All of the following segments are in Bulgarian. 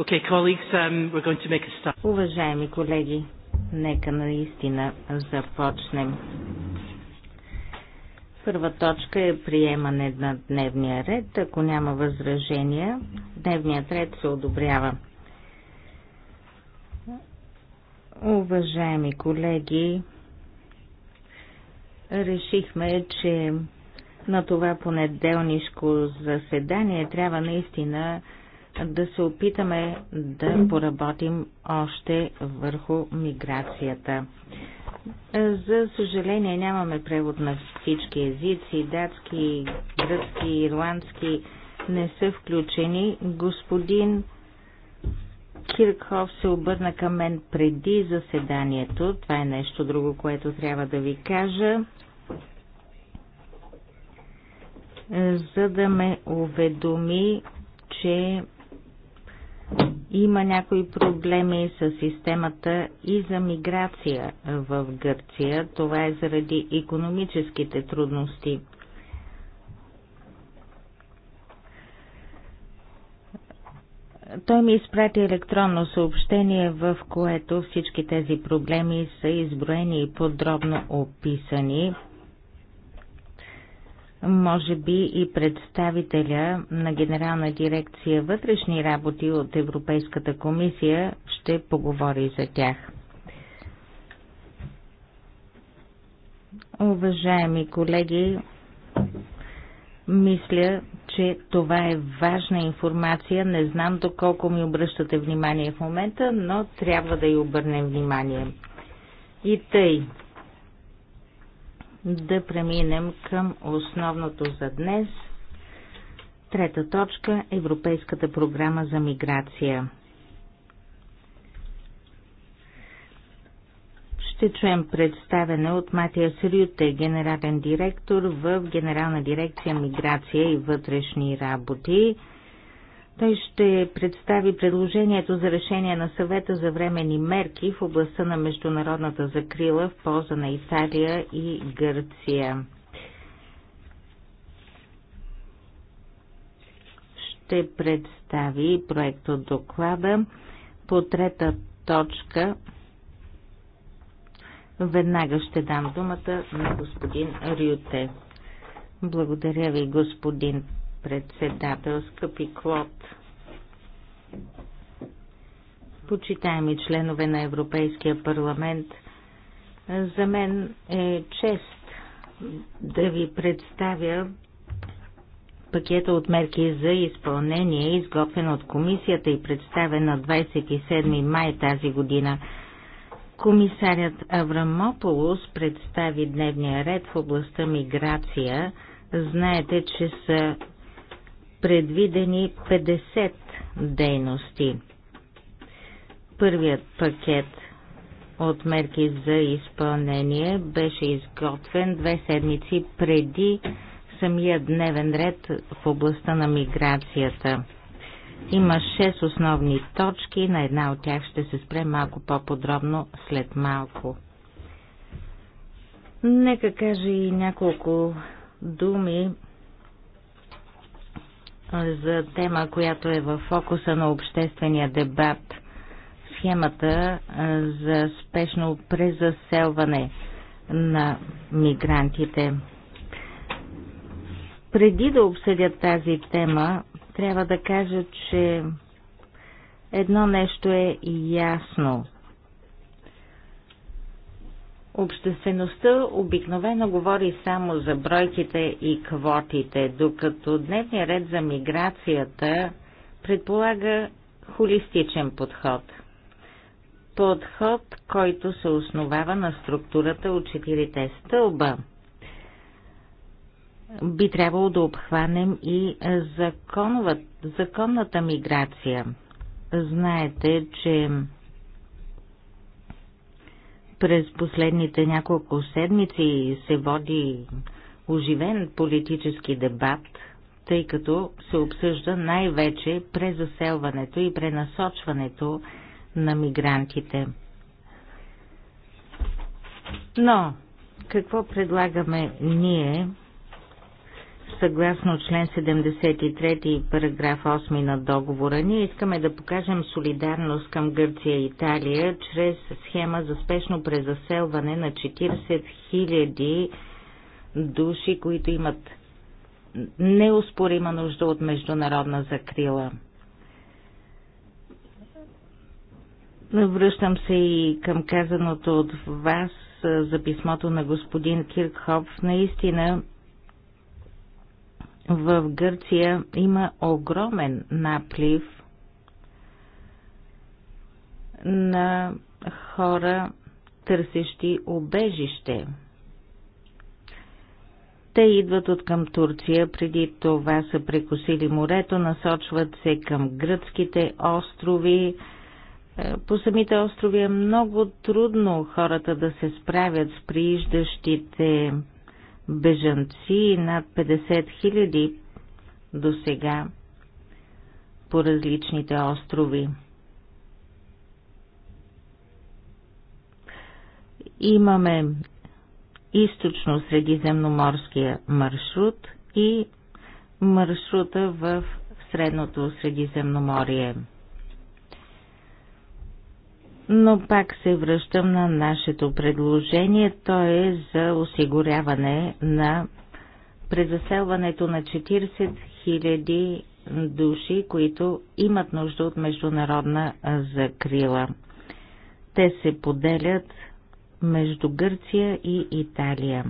Okay, colleagues, um, we're going to make a start. Уважаеми колеги, нека наистина започнем. Първа точка е приемане на дневния ред. Ако няма възражения, дневният ред се одобрява. Уважаеми колеги, решихме, че на това понеделнишко заседание трябва наистина да се опитаме да поработим още върху миграцията. Е, за съжаление нямаме превод на всички езици, датски, гръцки, ирландски не са включени. Господин Киркхов се обърна към мен преди заседанието. Това е нещо друго, което трябва да ви кажа. Е, за да ме уведоми, че има някои проблеми с системата и за миграция в Гърция. Това е заради економическите трудности. Той ми изпрати електронно съобщение, в което всички тези проблеми са изброени и подробно описани може би и представителя на Генерална дирекция вътрешни работи от Европейската комисия ще поговори за тях. Уважаеми колеги, мисля, че това е важна информация. Не знам доколко ми обръщате внимание в момента, но трябва да й обърнем внимание. И тъй, да преминем към основното за днес. Трета точка – Европейската програма за миграция. Ще чуем представене от Матия Срюте, генерален директор в Генерална дирекция Миграция и вътрешни работи. Той ще представи предложението за решение на съвета за времени мерки в областта на международната закрила в полза на Италия и Гърция. Ще представи проект от доклада по трета точка. Веднага ще дам думата на господин Рюте. Благодаря ви, господин председател, скъпи Клод. Почитаеми членове на Европейския парламент, за мен е чест да ви представя пакета от мерки за изпълнение, изготвен от комисията и представен на 27 май тази година. Комисарят Аврамополос представи дневния ред в областта миграция. Знаете, че са предвидени 50 дейности. Първият пакет от мерки за изпълнение беше изготвен две седмици преди самия дневен ред в областта на миграцията. Има 6 основни точки, на една от тях ще се спре малко по-подробно след малко. Нека кажа и няколко думи за тема, която е в фокуса на обществения дебат схемата за спешно презаселване на мигрантите. Преди да обсъдя тази тема, трябва да кажа, че едно нещо е ясно – Обществеността обикновено говори само за бройките и квотите, докато дневният ред за миграцията предполага холистичен подход. Подход, който се основава на структурата от четирите стълба. Би трябвало да обхванем и законната миграция. Знаете, че през последните няколко седмици се води оживен политически дебат, тъй като се обсъжда най-вече презаселването и пренасочването на мигрантите. Но какво предлагаме ние Съгласно член 73 и параграф 8 на договора, ние искаме да покажем солидарност към Гърция и Италия чрез схема за спешно презаселване на 40 000 души, които имат неоспорима нужда от международна закрила. Връщам се и към казаното от вас за писмото на господин Киркхоп. Наистина в Гърция има огромен наплив на хора, търсещи обежище. Те идват от към Турция, преди това са прекусили морето, насочват се към гръцките острови. Е, по самите острови е много трудно хората да се справят с прииждащите бежанци, над 50 хиляди до сега по различните острови. Имаме източно-средиземноморския маршрут и маршрута в Средното Средиземноморие – но пак се връщам на нашето предложение. То е за осигуряване на презаселването на 40 000 души, които имат нужда от международна закрила. Те се поделят между Гърция и Италия.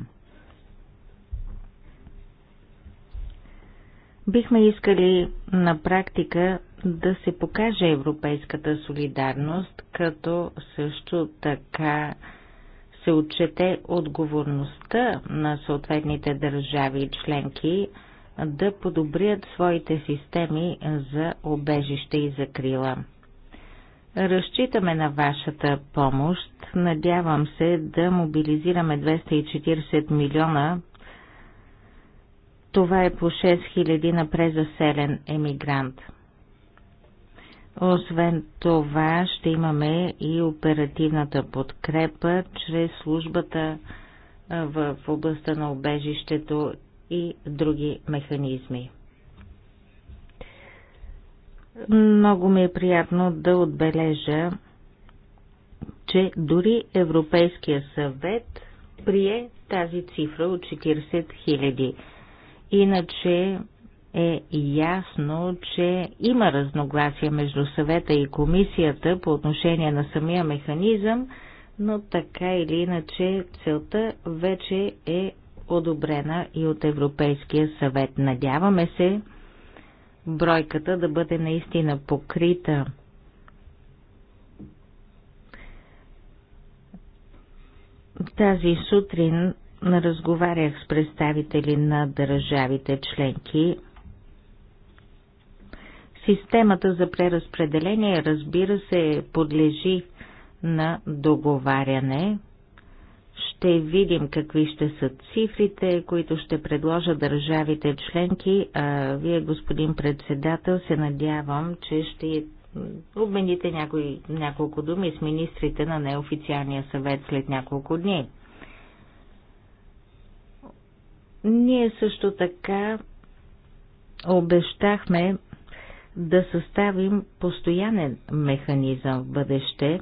Бихме искали на практика да се покаже европейската солидарност, като също така се отчете отговорността на съответните държави и членки да подобрят своите системи за обежище и закрила. Разчитаме на вашата помощ. Надявам се да мобилизираме 240 милиона. Това е по 6000 на презаселен емигрант. Освен това ще имаме и оперативната подкрепа чрез службата в областта на обежището и други механизми. Много ми е приятно да отбележа, че дори Европейския съвет прие тази цифра от 40 000. Иначе е ясно, че има разногласия между съвета и комисията по отношение на самия механизъм, но така или иначе целта вече е одобрена и от Европейския съвет. Надяваме се бройката да бъде наистина покрита. Тази сутрин разговарях с представители на държавите членки Системата за преразпределение, разбира се, подлежи на договаряне. Ще видим какви ще са цифрите, които ще предложа държавите членки. А вие, господин председател, се надявам, че ще обмените някои, няколко думи с министрите на неофициалния съвет след няколко дни. Ние също така обещахме да съставим постоянен механизъм в бъдеще.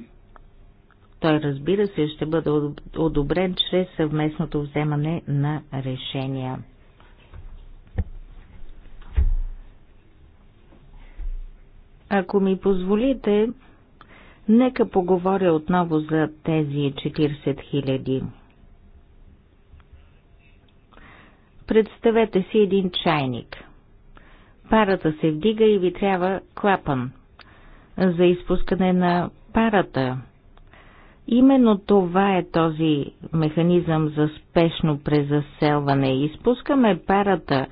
Той, разбира се, ще бъде одобрен чрез съвместното вземане на решения. Ако ми позволите, нека поговоря отново за тези 40 000. Представете си един чайник – парата се вдига и ви трябва клапан за изпускане на парата. Именно това е този механизъм за спешно презаселване. Изпускаме парата,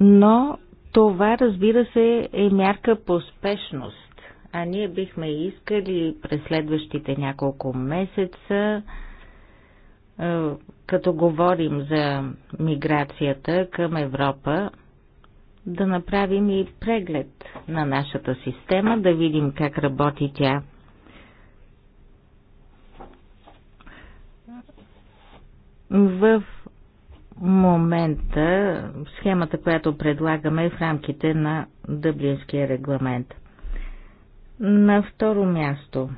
но това, разбира се, е мярка по спешност. А ние бихме искали през следващите няколко месеца, е, като говорим за миграцията към Европа, да направим и преглед на нашата система, да видим как работи тя. В момента схемата, която предлагаме е в рамките на Дъблинския регламент. На второ място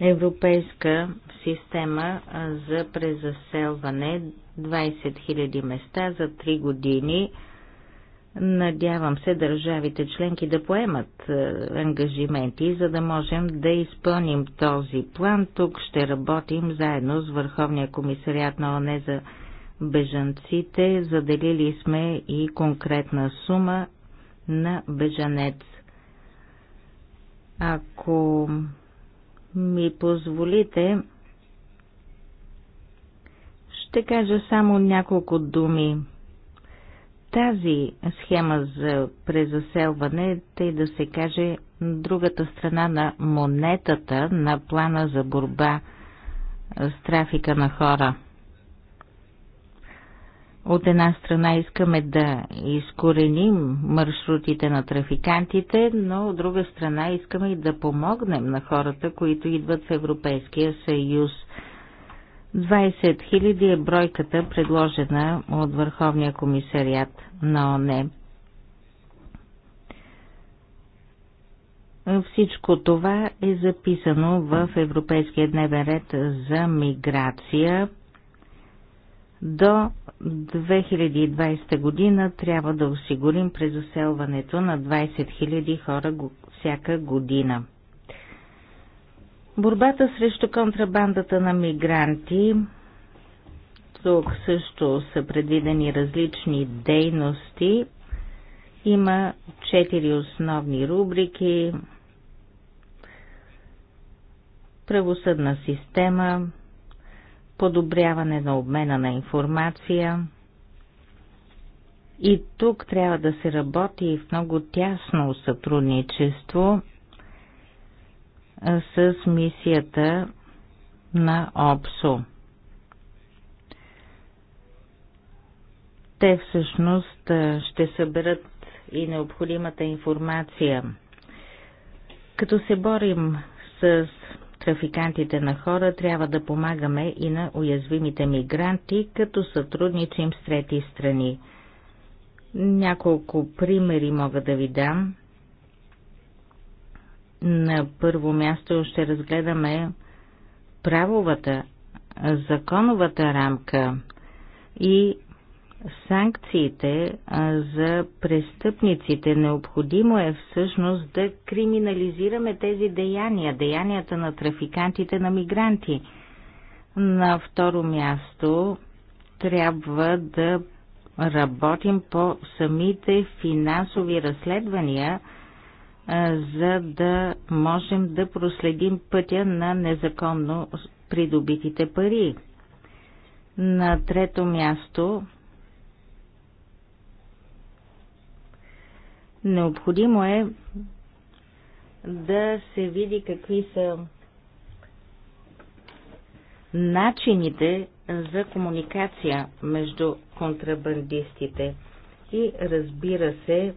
Европейска система за презаселване 20 000 места за 3 години – Надявам се държавите членки да поемат е, ангажименти, за да можем да изпълним този план. Тук ще работим заедно с Върховния комисариат на ОНЕ за бежанците. Заделили сме и конкретна сума на бежанец. Ако ми позволите, ще кажа само няколко думи тази схема за презаселване, тъй да се каже другата страна на монетата на плана за борба с трафика на хора. От една страна искаме да изкореним маршрутите на трафикантите, но от друга страна искаме и да помогнем на хората, които идват в Европейския съюз – 20 000 е бройката, предложена от Върховния комисариат на ОНЕ. Всичко това е записано в Европейския дневен ред за миграция. До 2020 година трябва да осигурим презаселването на 20 000 хора всяка година. Борбата срещу контрабандата на мигранти. Тук също са предвидени различни дейности. Има четири основни рубрики. Правосъдна система, подобряване на обмена на информация. И тук трябва да се работи в много тясно сътрудничество – с мисията на ОПСО. Те всъщност ще съберат и необходимата информация. Като се борим с трафикантите на хора, трябва да помагаме и на уязвимите мигранти, като сътрудничим с трети страни. Няколко примери мога да ви дам. На първо място ще разгледаме правовата, законовата рамка и санкциите за престъпниците. Необходимо е всъщност да криминализираме тези деяния, деянията на трафикантите на мигранти. На второ място трябва да работим по самите финансови разследвания – за да можем да проследим пътя на незаконно придобитите пари. На трето място необходимо е да се види какви са начините за комуникация между контрабандистите и разбира се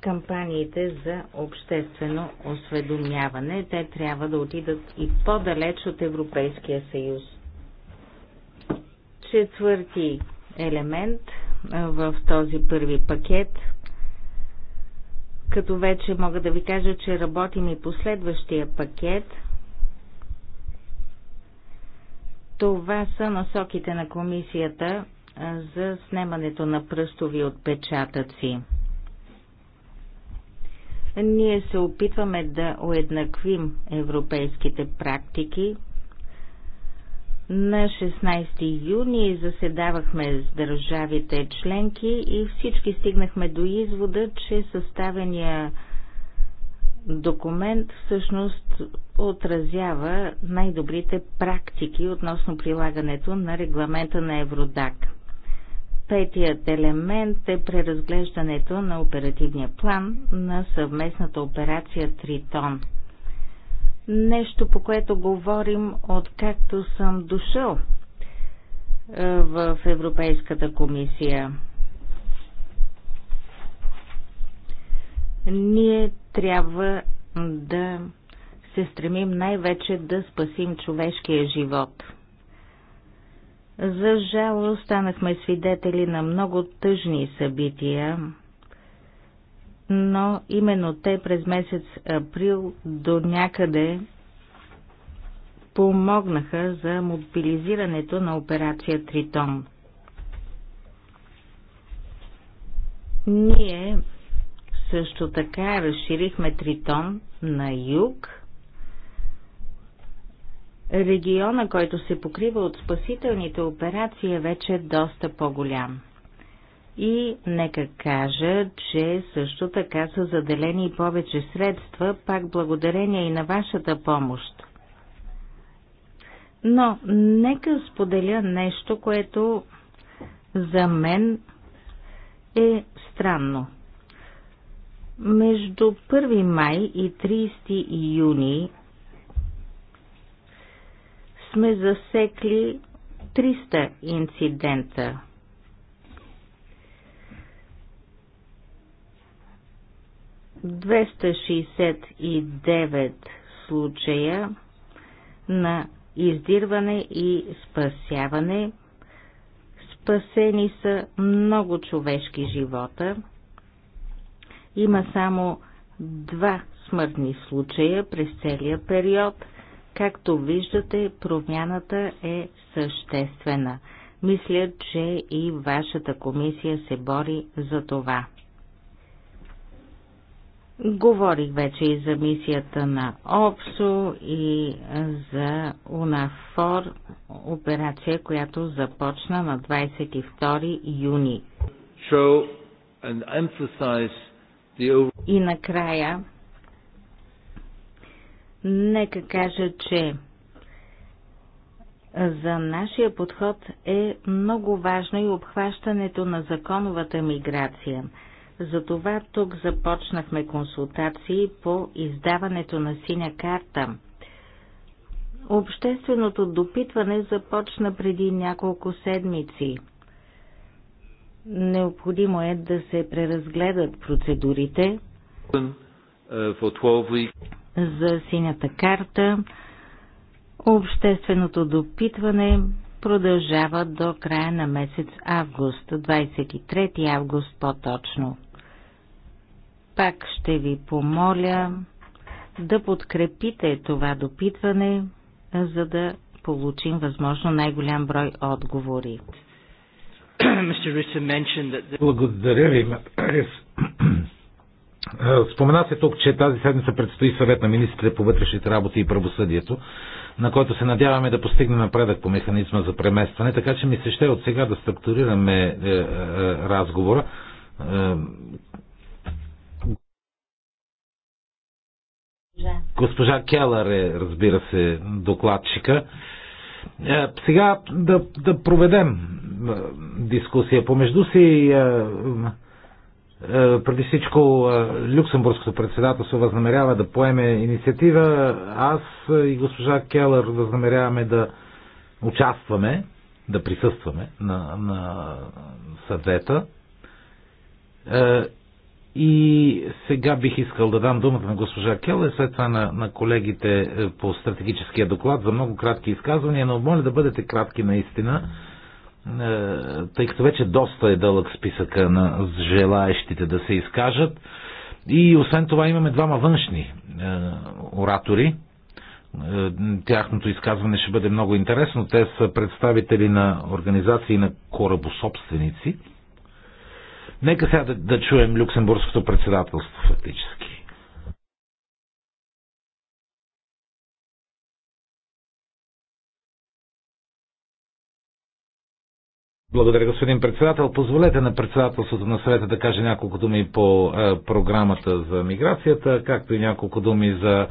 кампаниите за обществено осведомяване. Те трябва да отидат и по-далеч от Европейския съюз. Четвърти елемент в този първи пакет като вече мога да ви кажа, че работим и по следващия пакет. Това са насоките на комисията за снемането на пръстови отпечатъци. Ние се опитваме да уеднаквим европейските практики. На 16 юни заседавахме с държавите членки и всички стигнахме до извода, че съставения документ всъщност отразява най-добрите практики относно прилагането на регламента на Евродак. Петият елемент е преразглеждането на оперативния план на съвместната операция Тритон. Нещо, по което говорим откакто съм дошъл е, в Европейската комисия. Ние трябва да се стремим най-вече да спасим човешкия живот – за жало станахме свидетели на много тъжни събития, но именно те през месец април до някъде помогнаха за мобилизирането на операция Тритон. Ние също така разширихме Тритон на юг – региона, който се покрива от спасителните операции, е вече доста по-голям. И нека кажа, че също така са заделени повече средства, пак благодарение и на вашата помощ. Но нека споделя нещо, което за мен е странно. Между 1 май и 30 юни сме засекли 300 инцидента. Двеста случая на издирване и спасяване. Спасени са много човешки живота. Има само два смъртни случая през целия период – Както виждате, промяната е съществена. Мисля, че и вашата комисия се бори за това. Говорих вече и за мисията на ОПСО и за УНАФОР, операция, която започна на 22 юни. И накрая Нека кажа, че за нашия подход е много важно и обхващането на законовата миграция. Затова тук започнахме консултации по издаването на синя карта. Общественото допитване започна преди няколко седмици. Необходимо е да се преразгледат процедурите за синята карта. Общественото допитване продължава до края на месец август, 23 август по-точно. Пак ще ви помоля да подкрепите това допитване, за да получим възможно най-голям брой отговори. Благодаря ви, Матарис. Е, спомена се тук, че тази седмица предстои съвет на министрите по вътрешните работи и правосъдието, на който се надяваме да постигнем напредък по механизма за преместване, така че ми се ще е от сега да структурираме е, разговора. Госпожа Келър е, разбира се, докладчика. Сега да, да проведем дискусия помежду си. Е, преди всичко е, Люксембургското председателство възнамерява да поеме инициатива. Аз и госпожа Келър възнамеряваме да участваме, да присъстваме на, на съвета. Е, и сега бих искал да дам думата на госпожа Келър, след това на, на колегите по стратегическия доклад за много кратки изказвания, но моля да бъдете кратки наистина е, тъй като вече доста е дълъг списъка на желаещите да се изкажат. И освен това имаме двама външни е, оратори. Е, тяхното изказване ще бъде много интересно. Те са представители на организации на корабособственици. Нека сега да, да чуем люксембургското председателство фактически. Благодаря, господин председател. Позволете на председателството на съвета да каже няколко думи по е, програмата за миграцията, както и няколко думи за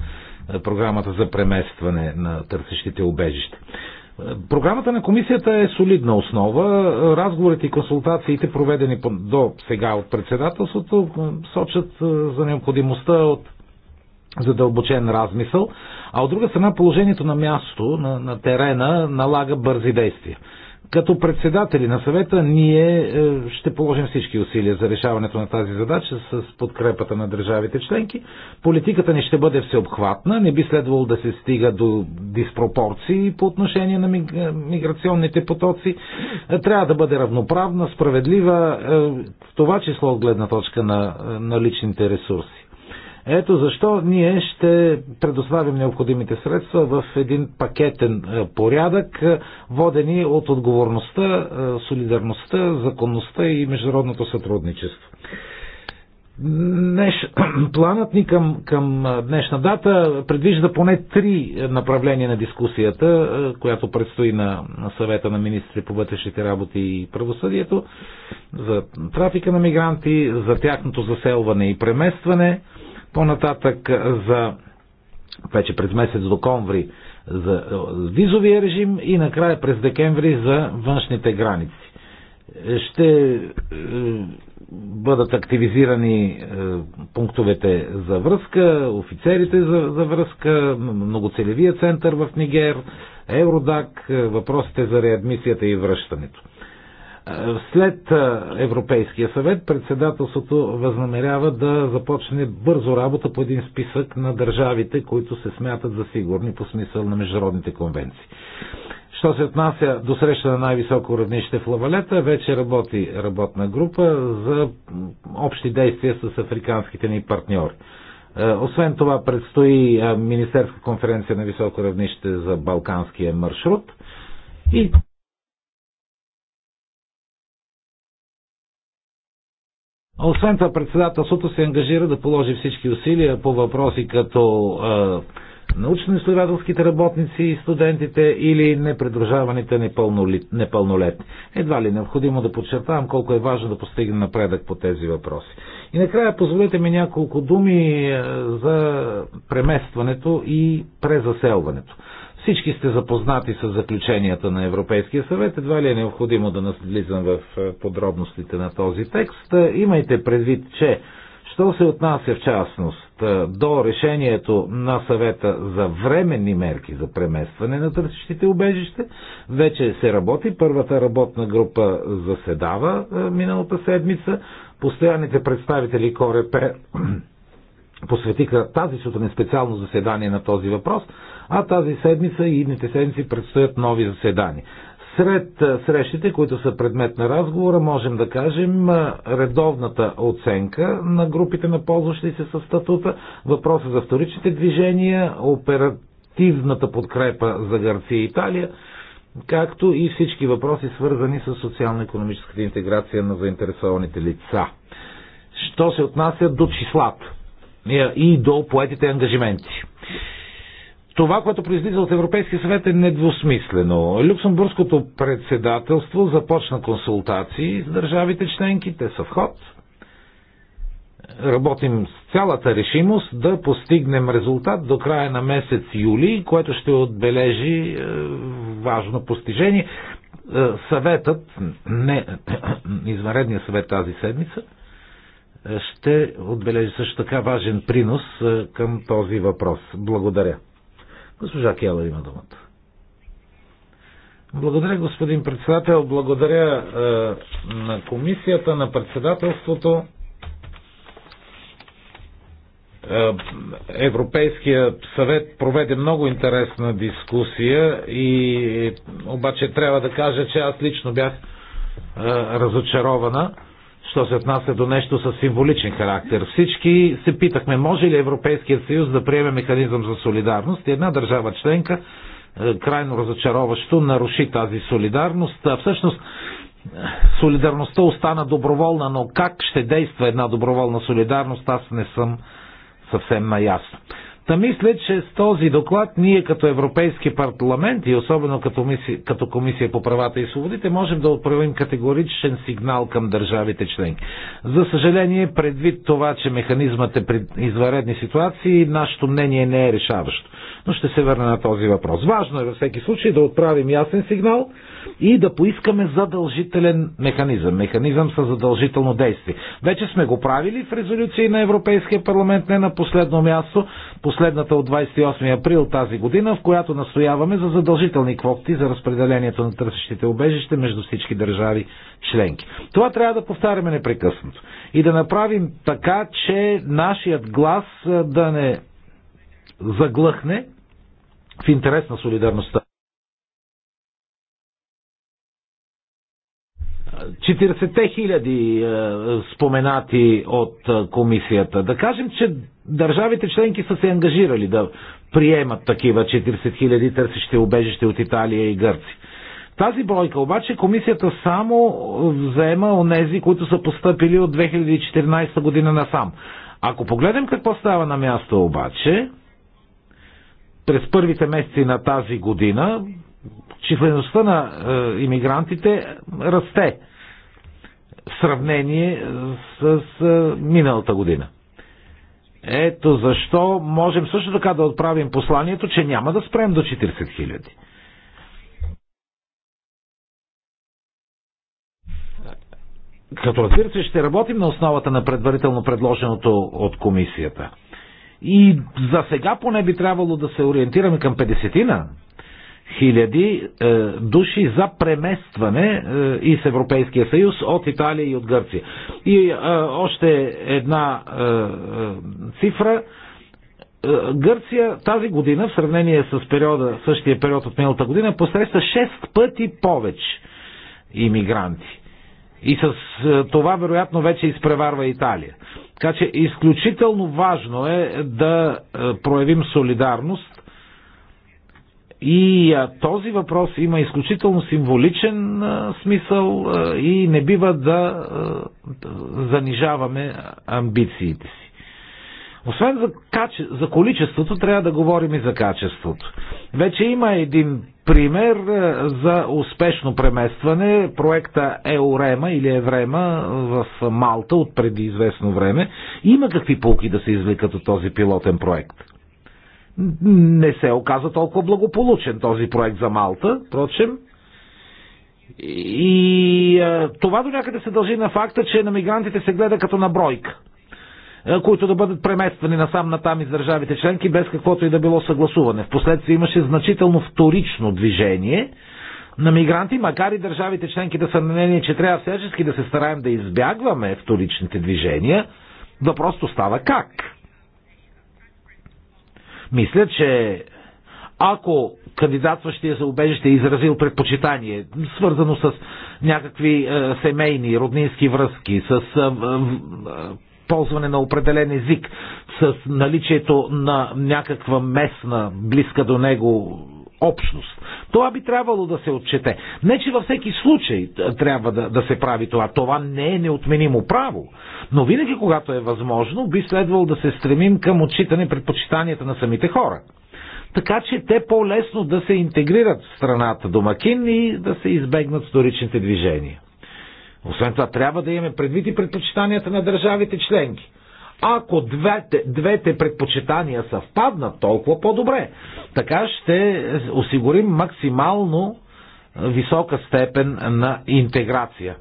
е, програмата за преместване на търсещите обежища. Е, програмата на комисията е солидна основа. Разговорите и консултациите, проведени до сега от председателството, сочат за необходимостта от задълбочен размисъл, а от друга страна положението на място, на, на терена, налага бързи действия. Като председатели на съвета ние е, ще положим всички усилия за решаването на тази задача с подкрепата на държавите членки. Политиката ни ще бъде всеобхватна, не би следвало да се стига до диспропорции по отношение на миграционните потоци. Трябва да бъде равноправна, справедлива, е, в това число от гледна точка на, на личните ресурси. Ето защо ние ще предоставим необходимите средства в един пакетен е, порядък, е, водени от отговорността, е, солидарността, законността и международното сътрудничество. Днеш... Планът ни към, към днешна дата предвижда поне три направления на дискусията, която предстои на, на съвета на министри по вътрешните работи и правосъдието, за трафика на мигранти, за тяхното заселване и преместване, по-нататък за вече през месец декември за е, визовия режим и накрая през декември за външните граници. Ще е, бъдат активизирани е, пунктовете за връзка, офицерите за, за връзка, многоцелевия център в Нигер, Евродак, въпросите за реадмисията и връщането. След Европейския съвет председателството възнамерява да започне бързо работа по един списък на държавите, които се смятат за сигурни по смисъл на международните конвенции. Що се отнася до среща на най-високо равнище в Лавалета, вече работи работна група за общи действия с африканските ни партньори. Освен това предстои Министерска конференция на високо равнище за Балканския маршрут и Освен това, председателството се ангажира да положи всички усилия по въпроси като е, научно-изследователските работници и студентите или непредружаваните непълнолетни. Едва ли е необходимо да подчертавам колко е важно да постигне напредък по тези въпроси. И накрая позволете ми няколко думи за преместването и презаселването. Всички сте запознати с заключенията на Европейския съвет. Едва ли е необходимо да наслизам в е, подробностите на този текст. Е, имайте предвид, че що се отнася в частност е, до решението на съвета за временни мерки за преместване на търсещите убежище, вече се работи. Първата работна група заседава миналата седмица. Постоянните представители Корепе посветиха тази сутрин специално заседание на този въпрос а тази седмица и идните седмици предстоят нови заседания. Сред срещите, които са предмет на разговора, можем да кажем редовната оценка на групите на ползващи се със статута, въпроса за вторичните движения, оперативната подкрепа за Гърция и Италия, както и всички въпроси, свързани с социално-економическата интеграция на заинтересованите лица. Що се отнася до числата е, и до поетите ангажименти. Това, което произлиза от Европейския съвет е недвусмислено. Люксембургското председателство започна консултации с държавите членки, те са в ход. Работим с цялата решимост да постигнем резултат до края на месец юли, което ще отбележи е, важно постижение. Е, съветът, не е, извънредния съвет тази седмица, ще отбележи също така важен принос към този въпрос. Благодаря. Госпожа Келър има думата. Благодаря, господин председател. Благодаря е, на комисията, на председателството. Е, Европейския съвет проведе много интересна дискусия и е, обаче трябва да кажа, че аз лично бях е, разочарована що се отнася до нещо с символичен характер. Всички се питахме, може ли Европейският съюз да приеме механизъм за солидарност и една държава членка е, крайно разочароващо наруши тази солидарност. А всъщност е, солидарността остана доброволна, но как ще действа една доброволна солидарност, аз не съм съвсем наясно. Та мисля, че с този доклад ние като Европейски парламент и особено като, миси, като Комисия по правата и свободите можем да отправим категоричен сигнал към държавите членки. За съжаление, предвид това, че механизмът е при изваредни ситуации, нашето мнение не е решаващо. Но ще се върна на този въпрос. Важно е във всеки случай да отправим ясен сигнал и да поискаме задължителен механизъм. Механизъм със задължително действие. Вече сме го правили в резолюции на Европейския парламент, не на последно място. По последната от 28 април тази година, в която настояваме за задължителни квоти за разпределението на търсещите обежище между всички държави членки. Това трябва да повтаряме непрекъснато и да направим така, че нашият глас да не заглъхне в интерес на солидарността. 40 хиляди е, споменати от е, комисията. Да кажем, че държавите членки са се ангажирали да приемат такива 40 хиляди търсещи убежище от Италия и Гърци. Тази бройка обаче комисията само взема онези, които са поступили от 2014 година насам. Ако погледнем какво става на място обаче, през първите месеци на тази година числеността на е, иммигрантите расте в сравнение с миналата година. Ето защо можем също така да отправим посланието, че няма да спрем до 40 хиляди. Като разбира се, ще работим на основата на предварително предложеното от комисията. И за сега поне би трябвало да се ориентираме към 50-на, хиляди е, души за преместване е, и с Европейския съюз от Италия и от Гърция. И е, още една цифра. Гърция тази година, в сравнение с периода, същия период от миналата година, посреща 6 пъти повече иммигранти. И с това, вероятно, вече изпреварва Италия. Така че изключително важно е да проявим солидарност и а, този въпрос има изключително символичен а, смисъл а, и не бива да а, занижаваме амбициите си. Освен за, каче... за количеството, трябва да говорим и за качеството. Вече има един пример за успешно преместване проекта Еорема или Еврема в Малта от преди известно време. Има какви полки да се извлекат от този пилотен проект не се оказа толкова благополучен този проект за Малта, впрочем. И а, това до някъде се дължи на факта, че на мигрантите се гледа като на бройка, а, които да бъдат премествани насам натам из държавите членки, без каквото и да било съгласуване. Впоследствие имаше значително вторично движение на мигранти, макар и държавите членки да са на мнение, че трябва всячески да се стараем да избягваме вторичните движения, да просто става как? Мисля, че ако кандидатстващия за убежище е изразил предпочитание, свързано с някакви е, семейни, роднински връзки, с е, е, ползване на определен език, с наличието на някаква местна, близка до него общност. Това би трябвало да се отчете. Не, че във всеки случай трябва да, да се прави това. Това не е неотменимо право. Но винаги, когато е възможно, би следвало да се стремим към отчитане предпочитанията на самите хора. Така че те по-лесно да се интегрират в страната домакин и да се избегнат вторичните движения. Освен това, трябва да имаме предвид и предпочитанията на държавите членки – ако двете, двете предпочитания съвпаднат, толкова по-добре. Така ще осигурим максимално висока степен на интеграция.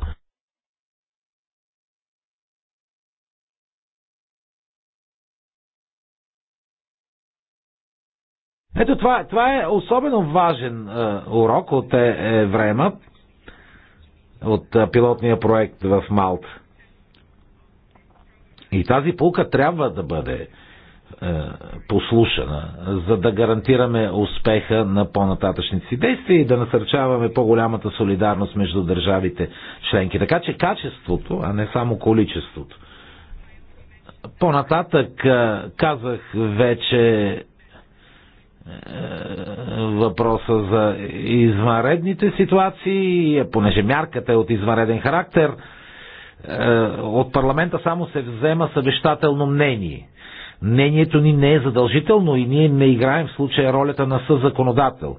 Ето това, това е особено важен е, урок от е, е време от е, пилотния проект в Малта. И тази полка трябва да бъде е, послушана, за да гарантираме успеха на по-нататъчните си действия и да насърчаваме по-голямата солидарност между държавите членки. Така че качеството, а не само количеството. По-нататък е, казах вече е, въпроса за извънредните ситуации, понеже мярката е от извънреден характер – е, от парламента само се взема съвещателно мнение. Мнението ни не е задължително и ние не играем в случая ролята на съзаконодател.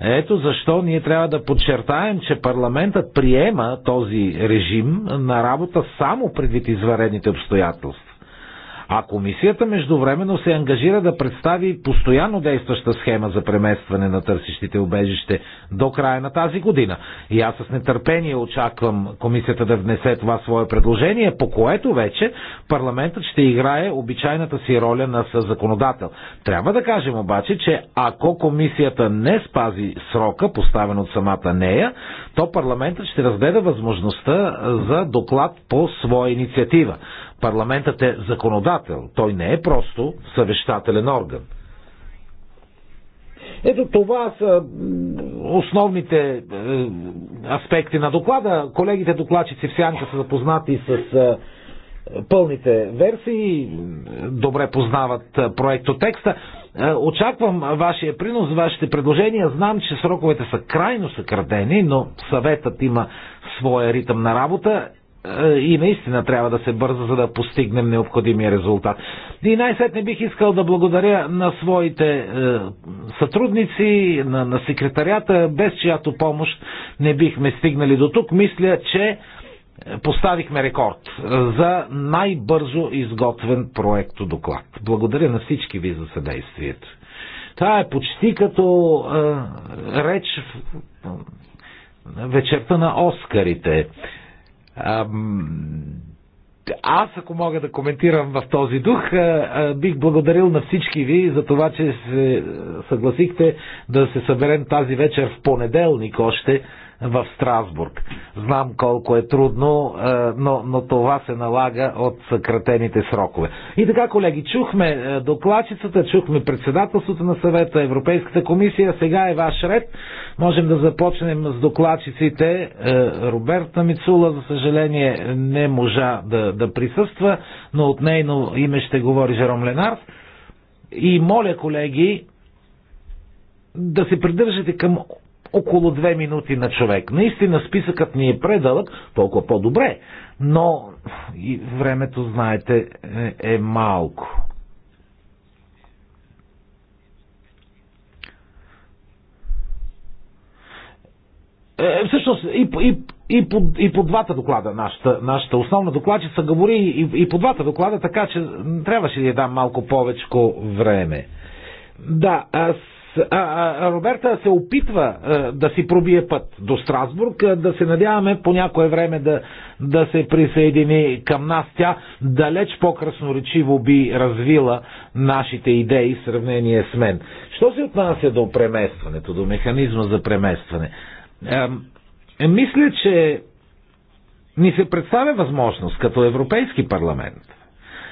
Ето защо ние трябва да подчертаем, че парламентът приема този режим на работа само предвид изваредните обстоятелства. А комисията междувременно се ангажира да представи постоянно действаща схема за преместване на търсещите убежище до края на тази година. И аз с нетърпение очаквам комисията да внесе това свое предложение, по което вече парламентът ще играе обичайната си роля на съзаконодател. Трябва да кажем обаче, че ако комисията не спази срока, поставен от самата нея, то парламентът ще разгледа възможността за доклад по своя инициатива. Парламентът е законодател. Той не е просто съвещателен орган. Ето това са основните е, аспекти на доклада. Колегите докладчици в Сянка са запознати с е, пълните версии, добре познават е, текста. Очаквам вашия принос, вашите предложения. Знам, че сроковете са крайно съкратени, но съветът има своя ритъм на работа е, и наистина трябва да се бърза, за да постигнем необходимия резултат. И най-сетне бих искал да благодаря на своите е, сътрудници, на, на секретарята, без чиято помощ не бихме стигнали до тук. Мисля, че поставихме рекорд за най-бързо изготвен проекто доклад. Благодаря на всички ви за съдействието. Това е почти като е, реч в, вечерта на Оскарите. Аз, ако мога да коментирам в този дух, бих благодарил на всички ви за това, че се съгласихте да се съберем тази вечер в понеделник още в Страсбург. Знам колко е трудно, е, но, но това се налага от съкратените срокове. И така, колеги, чухме е, докладчицата, чухме председателството на съвета, Европейската комисия. Сега е ваш ред. Можем да започнем с докладчиците. Е, Роберта Мицула, за съжаление, не можа да, да присъства, но от нейно име ще говори Жером Ленарс. И моля, колеги, да се придържате към около две минути на човек. Наистина списъкът ни е предълъг, толкова по-добре, но и времето, знаете, е, е малко. Е, всъщност и, и, и, по, и по двата доклада, нашата, нашата основна докладчица говори и, и по двата доклада, така че трябваше да я дам малко повече време. Да, аз а, Роберта се опитва а, да си пробие път до Страсбург, а, да се надяваме по някое време да, да се присъедини към нас. Тя далеч по-красноречиво би развила нашите идеи в сравнение с мен. Що се отнася до преместването, до механизма за преместване? А, мисля, че ни се представя възможност като Европейски парламент.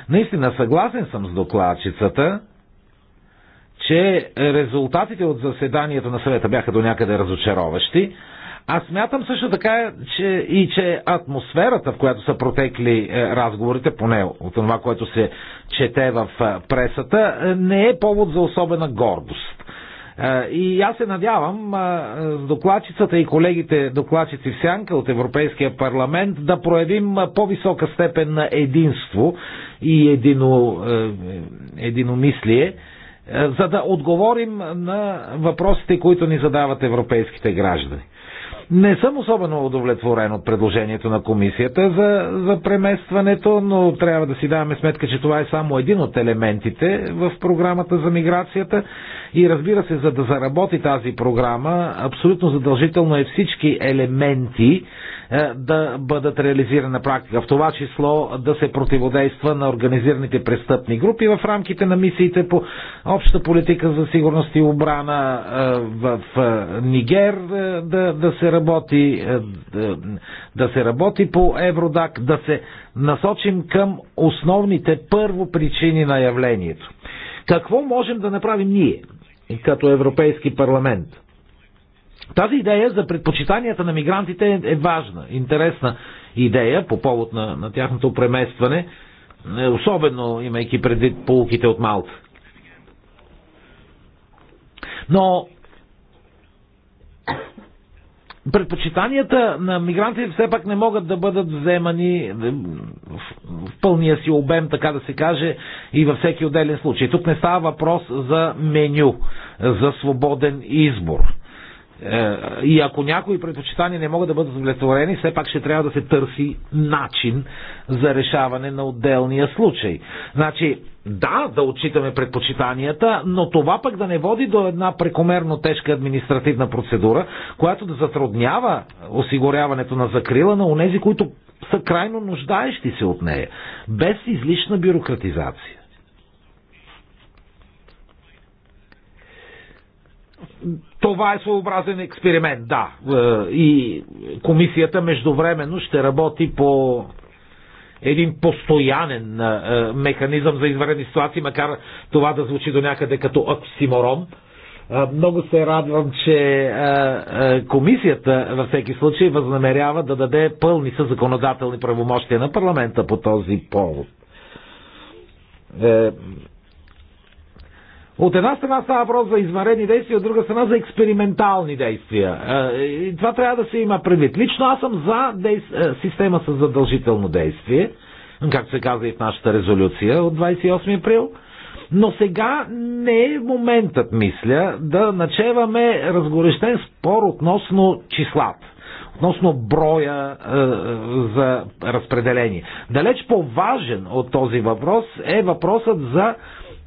Наистина съгласен съм с докладчицата, че резултатите от заседанието на съвета бяха до някъде разочароващи. Аз смятам също така, че и че атмосферата, в която са протекли е, разговорите, поне от това, което се чете в е, пресата, е, не е повод за особена гордост. И аз се надявам докладчицата и колегите докладчици в Сянка от Европейския парламент да проявим по-висока степен на единство и едино, единомислие е, за да отговорим на въпросите, които ни задават европейските граждани. Не съм особено удовлетворен от предложението на комисията за, за преместването, но трябва да си даваме сметка, че това е само един от елементите в програмата за миграцията. И разбира се, за да заработи тази програма, абсолютно задължително е всички елементи е, да бъдат реализирани на практика. В това число да се противодейства на организираните престъпни групи в рамките на мисиите по обща политика за сигурност и обрана е, в е, Нигер да, да се работи да, да се работи по Евродак, да се насочим към основните първо причини на явлението. Какво можем да направим ние като Европейски парламент? Тази идея за предпочитанията на мигрантите е важна, интересна идея по повод на, на тяхното преместване, е, особено имайки предвид полуките от Малта. Но предпочитанията на мигрантите все пак не могат да бъдат вземани в пълния си обем, така да се каже, и във всеки отделен случай. Тук не става въпрос за меню, за свободен избор е, и ако някои предпочитания не могат да бъдат удовлетворени, все пак ще трябва да се търси начин за решаване на отделния случай. Значи, да, да отчитаме предпочитанията, но това пък да не води до една прекомерно тежка административна процедура, която да затруднява осигуряването на закрила на онези, които са крайно нуждаещи се от нея, без излишна бюрократизация. това е своеобразен експеримент, да. Е, и комисията междувременно ще работи по един постоянен е, механизъм за извънредни ситуации, макар това да звучи до някъде като оксиморон. Е, много се радвам, че комисията във всеки случай възнамерява да даде пълни със законодателни правомощия на парламента по този повод от една страна става въпрос за извънредни действия, от друга страна за експериментални действия. Е, и това трябва да се има предвид. Лично аз съм за е, система с задължително действие, както се каза и в нашата резолюция от 28 април. Но сега не е моментът, мисля, да начеваме разгорещен спор относно числата относно броя е, за разпределение. Далеч по-важен от този въпрос е въпросът за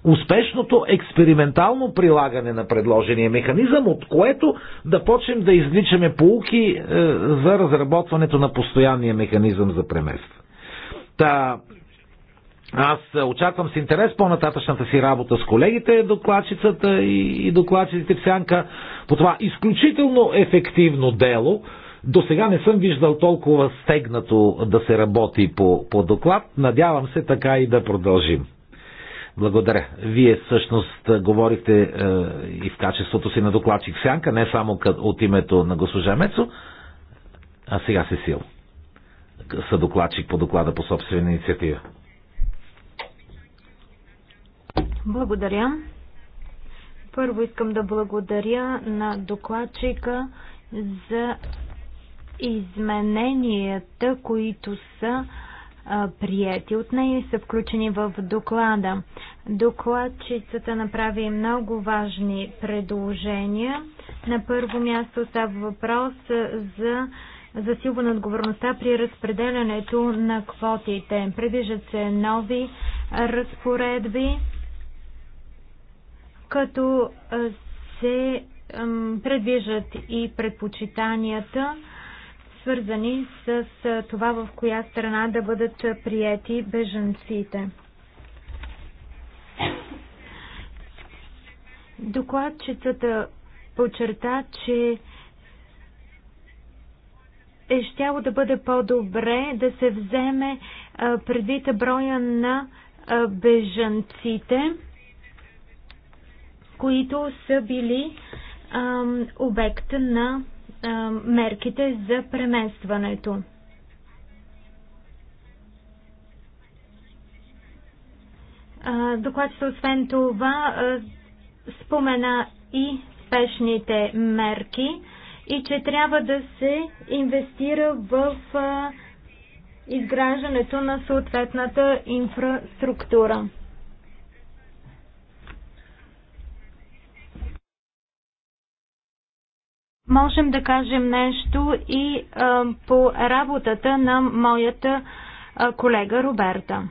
успешното експериментално прилагане на предложения механизъм, от което да почнем да изличаме полуки е, за разработването на постоянния механизъм за преместване. Та, аз очаквам с интерес по-нататъчната си работа с колегите, докладчицата и, и докладчиците в сянка по това изключително ефективно дело. До сега не съм виждал толкова стегнато да се работи по, по доклад. Надявам се така и да продължим. Благодаря. Вие всъщност говорихте е, и в качеството си на докладчик Сянка, не само от името на госпожа Мецо, а сега се сил. Са докладчик по доклада по собствена инициатива. Благодаря. Първо искам да благодаря на докладчика за измененията, които са прияти от нея и са включени в доклада. Докладчицата направи много важни предложения. На първо място става въпрос за засилване отговорността при разпределянето на квотите. Предвиждат се нови разпоредби, като се предвиждат и предпочитанията свързани с това в коя страна да бъдат приети бежанците. Докладчицата подчерта, че е щяло да бъде по-добре да се вземе предвид броя на бежанците, които са били обект на мерките за преместването. Докладчето освен това спомена и спешните мерки и че трябва да се инвестира в изграждането на съответната инфраструктура. можем да кажем нещо и а, по работата на моята а, колега Роберта.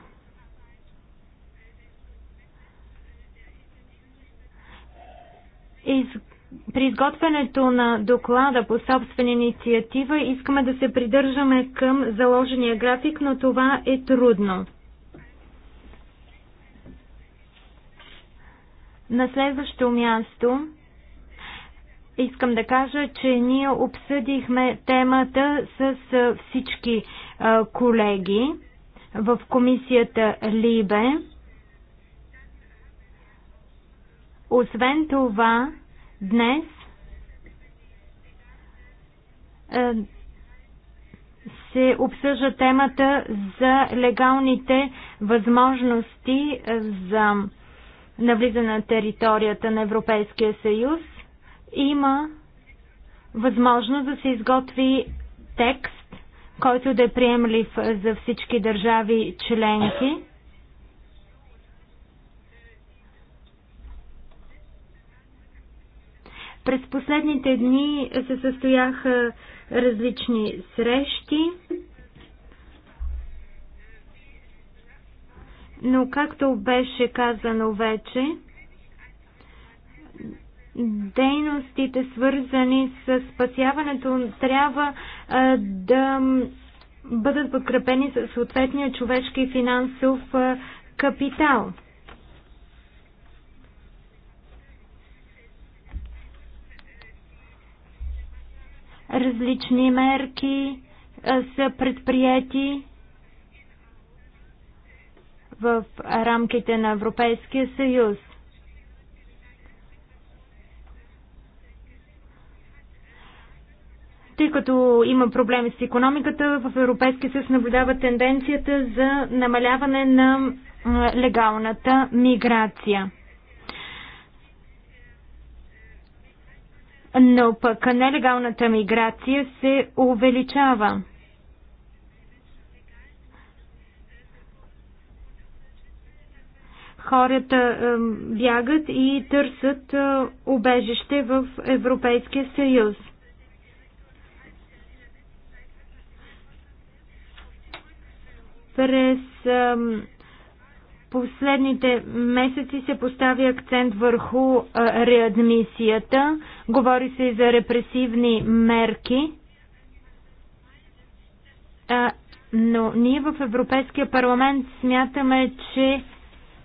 Из... При изготвянето на доклада по собствена инициатива искаме да се придържаме към заложения график, но това е трудно. На следващо място Искам да кажа, че ние обсъдихме темата с всички колеги в комисията Либе. Освен това, днес се обсъжда темата за легалните възможности за навлизане на територията на Европейския съюз има възможност да се изготви текст, който да е приемлив за всички държави членки. През последните дни се състояха различни срещи, но както беше казано вече, дейностите, свързани с спасяването, трябва а, да бъдат подкрепени със съответния човешки финансов а, капитал. Различни мерки а, са предприяти в рамките на Европейския съюз. Тъй като има проблеми с економиката, в Европейския съюз наблюдава тенденцията за намаляване на легалната миграция. Но пък нелегалната миграция се увеличава. хората бягат и търсят убежище в Европейския съюз. През последните месеци се постави акцент върху реадмисията. Говори се и за репресивни мерки. Но ние в Европейския парламент смятаме, че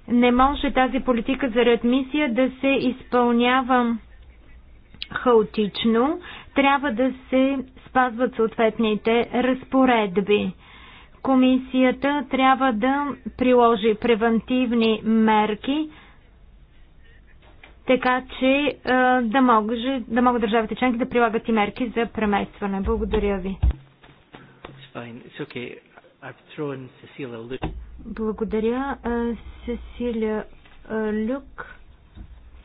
не може тази политика за реадмисия да се изпълнява хаотично. Трябва да се спазват съответните разпоредби. Комисията трябва да приложи превентивни мерки, така че да, могат да мога държавите членки да прилагат и мерки за преместване. Благодаря ви. Благодаря, Сесилия Люк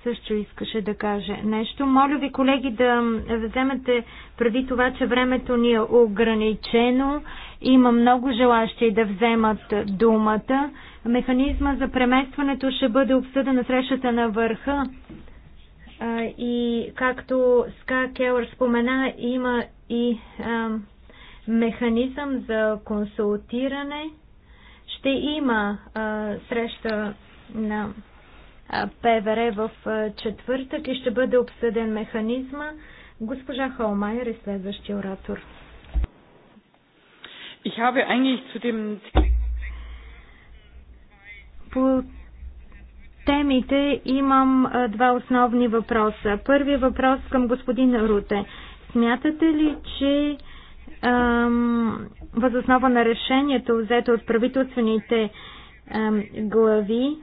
също искаше да каже нещо. Моля ви, колеги, да вземете преди това, че времето ни е ограничено. Има много желащи да вземат думата. Механизма за преместването ще бъде обсъден на срещата на върха. И както Ска Келър спомена, има и механизъм за консултиране. Ще има среща на ПВР в четвъртък и ще бъде обсъден механизма. Госпожа Холмайер е следващия оратор. Ich habe eigentlich zu dem По темите имам два основни въпроса. Първият въпрос към господин Руте. Смятате ли, че ам, възоснова на решението, взето от правителствените ам, глави,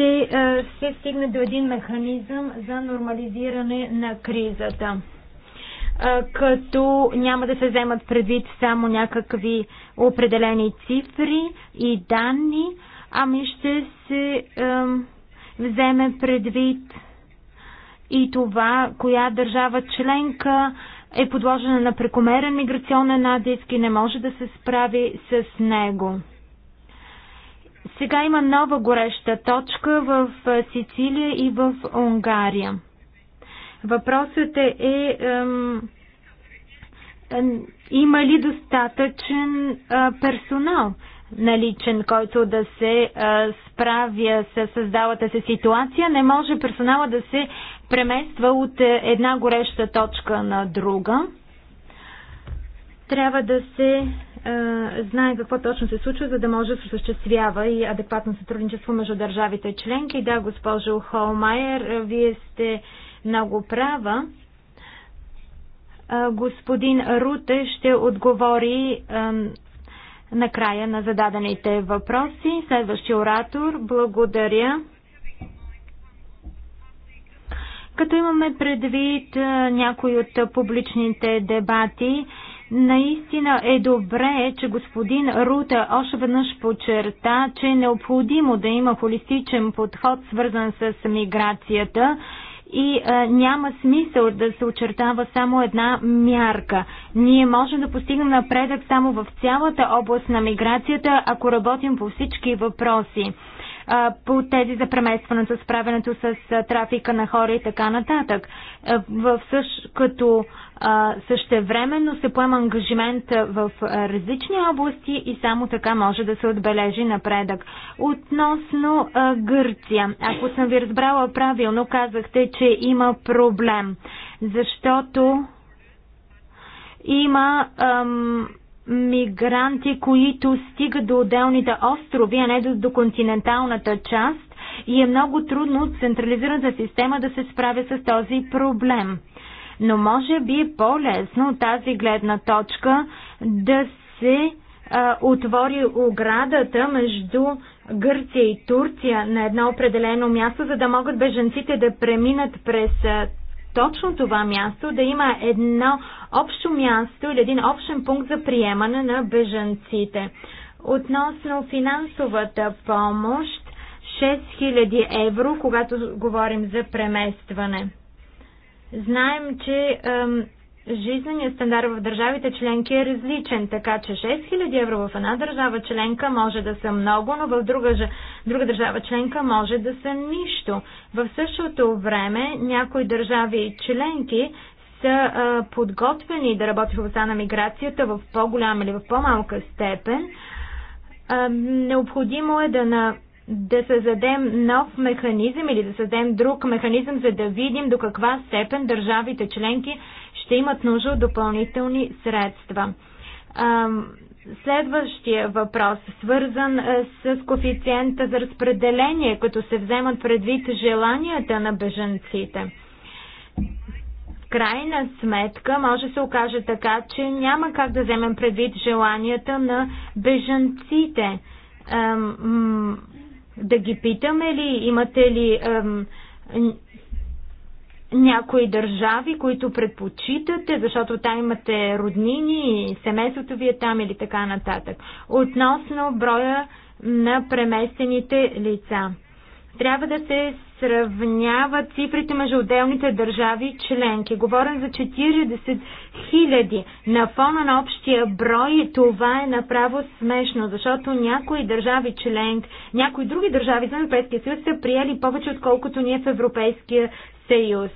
ще се стигне до един механизъм за нормализиране на кризата като няма да се вземат предвид само някакви определени цифри и данни, ами ще се вземе предвид и това, коя държава членка е подложена на прекомерен миграционен натиск и не може да се справи с него. Сега има нова гореща точка в е, Сицилия и в Унгария. Въпросът е, е, е има ли достатъчен е, персонал наличен, който да се е, справя с създалата се ситуация. Не може персонала да се премества от е, една гореща точка на друга. Трябва да се е, знае какво точно се случва, за да може да се осъществява и адекватно сътрудничество между държавите членки. Да, госпожо Холмайер, вие сте много права. Е, господин Руте ще отговори е, на края на зададените въпроси. Следващия оратор. Благодаря. Като имаме предвид някои от публичните дебати, Наистина е добре, че господин Рута още веднъж подчерта, че е необходимо да има холистичен подход, свързан с миграцията и а, няма смисъл да се очертава само една мярка. Ние можем да постигнем напредък само в цялата област на миграцията, ако работим по всички въпроси по тези за преместването, справянето с трафика на хора и така нататък. В същ, като Същевременно се поема ангажимент в различни области и само така може да се отбележи напредък. Относно Гърция, ако съм ви разбрала правилно, казахте, че има проблем, защото има ам, мигранти, които стигат до отделните острови, а не до, до континенталната част и е много трудно централизираната система да се справя с този проблем. Но може би е по-лесно от тази гледна точка да се а, отвори оградата между Гърция и Турция на едно определено място, за да могат беженците да преминат през точно това място, да има едно общо място или един общен пункт за приемане на беженците. Относно финансовата помощ, 6000 евро, когато говорим за преместване. Знаем, че жизненият стандарт в държавите членки е различен, така че 6000 евро в една държава членка може да са много, но в друга, друга държава членка може да са нищо. В същото време някои държави членки са е, подготвени да работят в областта на миграцията в по-голяма или в по-малка степен. необходимо е да на да създадем нов механизъм или да създадем друг механизъм, за да видим до каква степен държавите членки ще имат нужда от допълнителни средства. Следващия въпрос, свързан с коефициента за разпределение, като се вземат предвид желанията на бежанците. Крайна сметка може се окаже така, че няма как да вземем предвид желанията на бежанците да ги питаме ли, имате ли ем, някои държави, които предпочитате, защото там имате роднини, семейството ви е там или така нататък. Относно броя на преместените лица. Трябва да се Сравнява цифрите между отделните държави членки. Говорим за 40 000 На фона на общия брой това е направо смешно, защото някои държави членки, някои други държави за Европейския съюз са приели повече отколкото ние в Европейския съюз.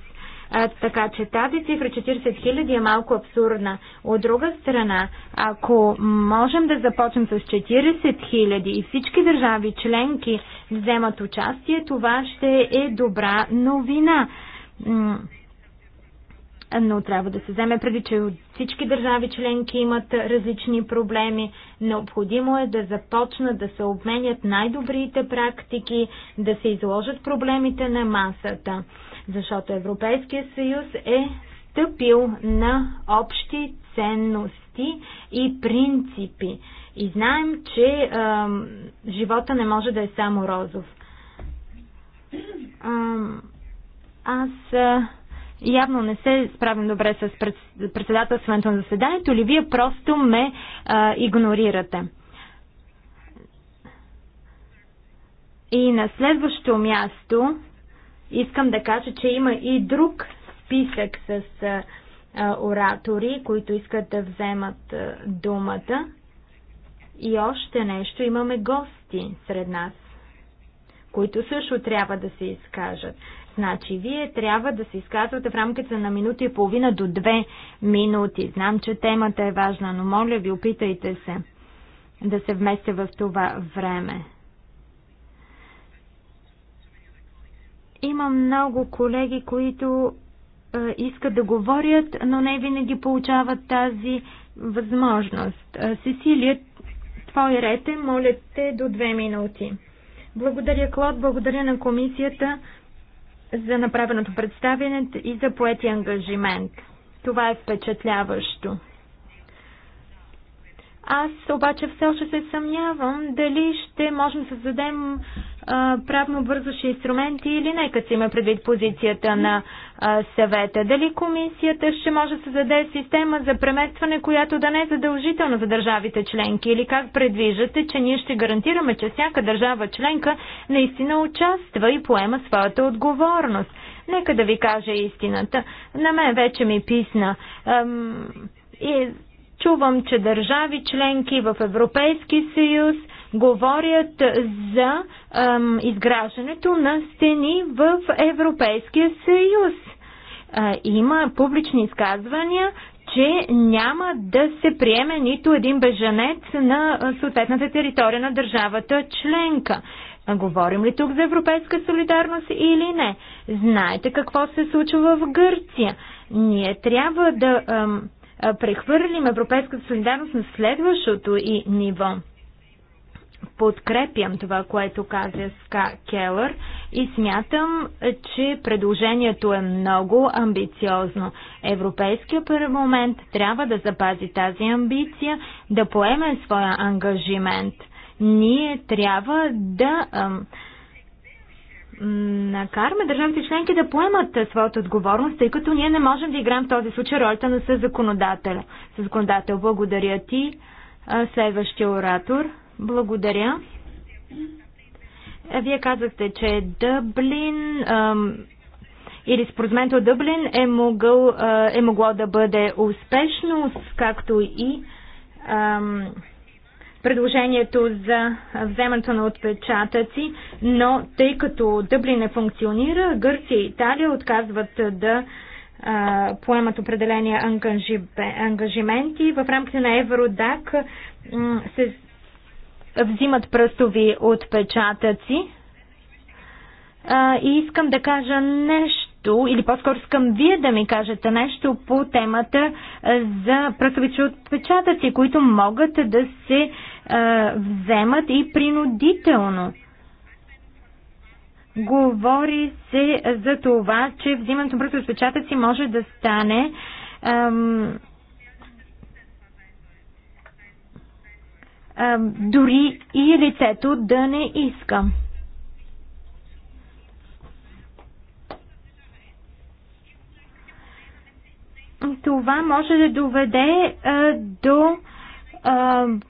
А, така че тази цифра 40 хиляди е малко абсурдна. От друга страна, ако можем да започнем с 40 хиляди и всички държави членки вземат участие, това ще е добра новина. Но трябва да се вземе преди, че от всички държави членки имат различни проблеми. Необходимо е да започнат да се обменят най-добрите практики, да се изложат проблемите на масата защото Европейския съюз е стъпил на общи ценности и принципи. И знаем, че а, живота не може да е само розов. Аз а, явно не се справям добре с председателството на заседанието или вие просто ме а, игнорирате. И на следващо място Искам да кажа, че има и друг списък с оратори, които искат да вземат думата. И още нещо, имаме гости сред нас, които също трябва да се изкажат. Значи, вие трябва да се изказвате в рамките на минута и половина до две минути. Знам, че темата е важна, но моля ви, опитайте се да се вместе в това време. Има много колеги, които е, искат да говорят, но не винаги получават тази възможност. Е, Сесилия, твой ред е, моля те до две минути. Благодаря, Клод, благодаря на комисията за направеното представяне и за поети ангажимент. Това е впечатляващо. Аз обаче все още се съмнявам дали ще можем да създадем правно обвързващи инструменти или нека си се има предвид позицията на съвета? Дали комисията ще може да създаде система за преместване, която да не е задължителна за държавите членки? Или как предвиждате, че ние ще гарантираме, че всяка държава членка наистина участва и поема своята отговорност? Нека да ви кажа истината. На мен вече ми писна. Ам, и чувам, че държави членки в Европейски съюз – говорят за ам, изграждането на стени в Европейския съюз. А, има публични изказвания, че няма да се приеме нито един бежанец на съответната територия на държавата членка. Говорим ли тук за европейска солидарност или не? Знаете какво се случва в Гърция. Ние трябва да ам, прехвърлим европейската солидарност на следващото и ниво подкрепям това, което каза Ска Келър и смятам, че предложението е много амбициозно. Европейския парламент трябва да запази тази амбиция, да поеме своя ангажимент. Ние трябва да ам, накараме държавите членки да поемат своята отговорност, тъй като ние не можем да играем в този случай ролята на със Съзаконодател, благодаря ти. Следващия оратор. Благодаря. Вие казахте, че Дъблин или споразумението Дъблин е, могъл, е могло да бъде успешно, както и ам, предложението за вземането на отпечатъци, но тъй като Дъблин не функционира, Гърция и Италия отказват да а, поемат определени ангажименти. В рамките на Евродак се взимат пръстови отпечатъци. И искам да кажа нещо, или по-скоро искам вие да ми кажете нещо по темата за пръстовите отпечатъци, които могат да се вземат и принудително. Говори се за това, че взимането на пръстови отпечатъци може да стане ам, дори и лицето да не иска. Това може да доведе до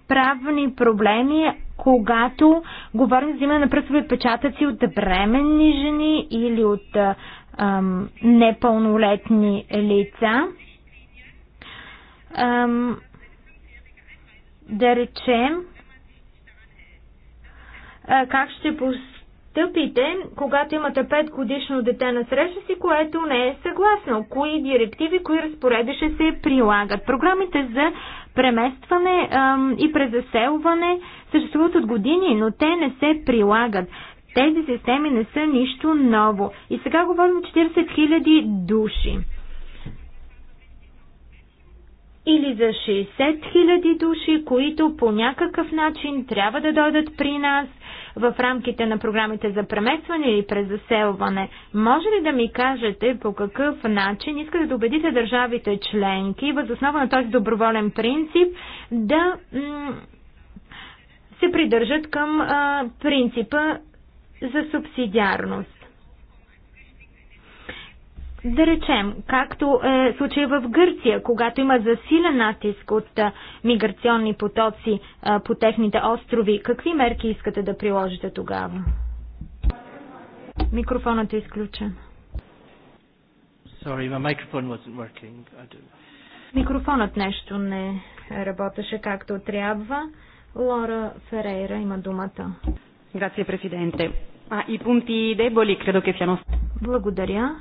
правни проблеми, когато говорим за взимане на пръстови отпечатъци от бременни жени или от непълнолетни лица. Да речем, как ще постъпите, когато имате 5 годишно дете на среща си, което не е съгласно? Кои директиви, кои разпореди ще се прилагат? Програмите за преместване ам, и презаселване съществуват от години, но те не се прилагат. Тези системи не са нищо ново. И сега говорим 40 000 души или за 60 хиляди души, които по някакъв начин трябва да дойдат при нас в рамките на програмите за преместване или през заселване. Може ли да ми кажете по какъв начин искате да убедите държавите членки, възоснова на този доброволен принцип, да се придържат към а, принципа за субсидиарност? Да речем, както е случай в Гърция, когато има засилен натиск от миграционни потоци по техните острови, какви мерки искате да приложите тогава? Микрофонът е изключен. Sorry, my microphone wasn't working. I don't... Микрофонът нещо не работеше както трябва. Лора Ферейра има думата. Grazie Presidente. Ah, I punti deboli credo che siano... Благодаря.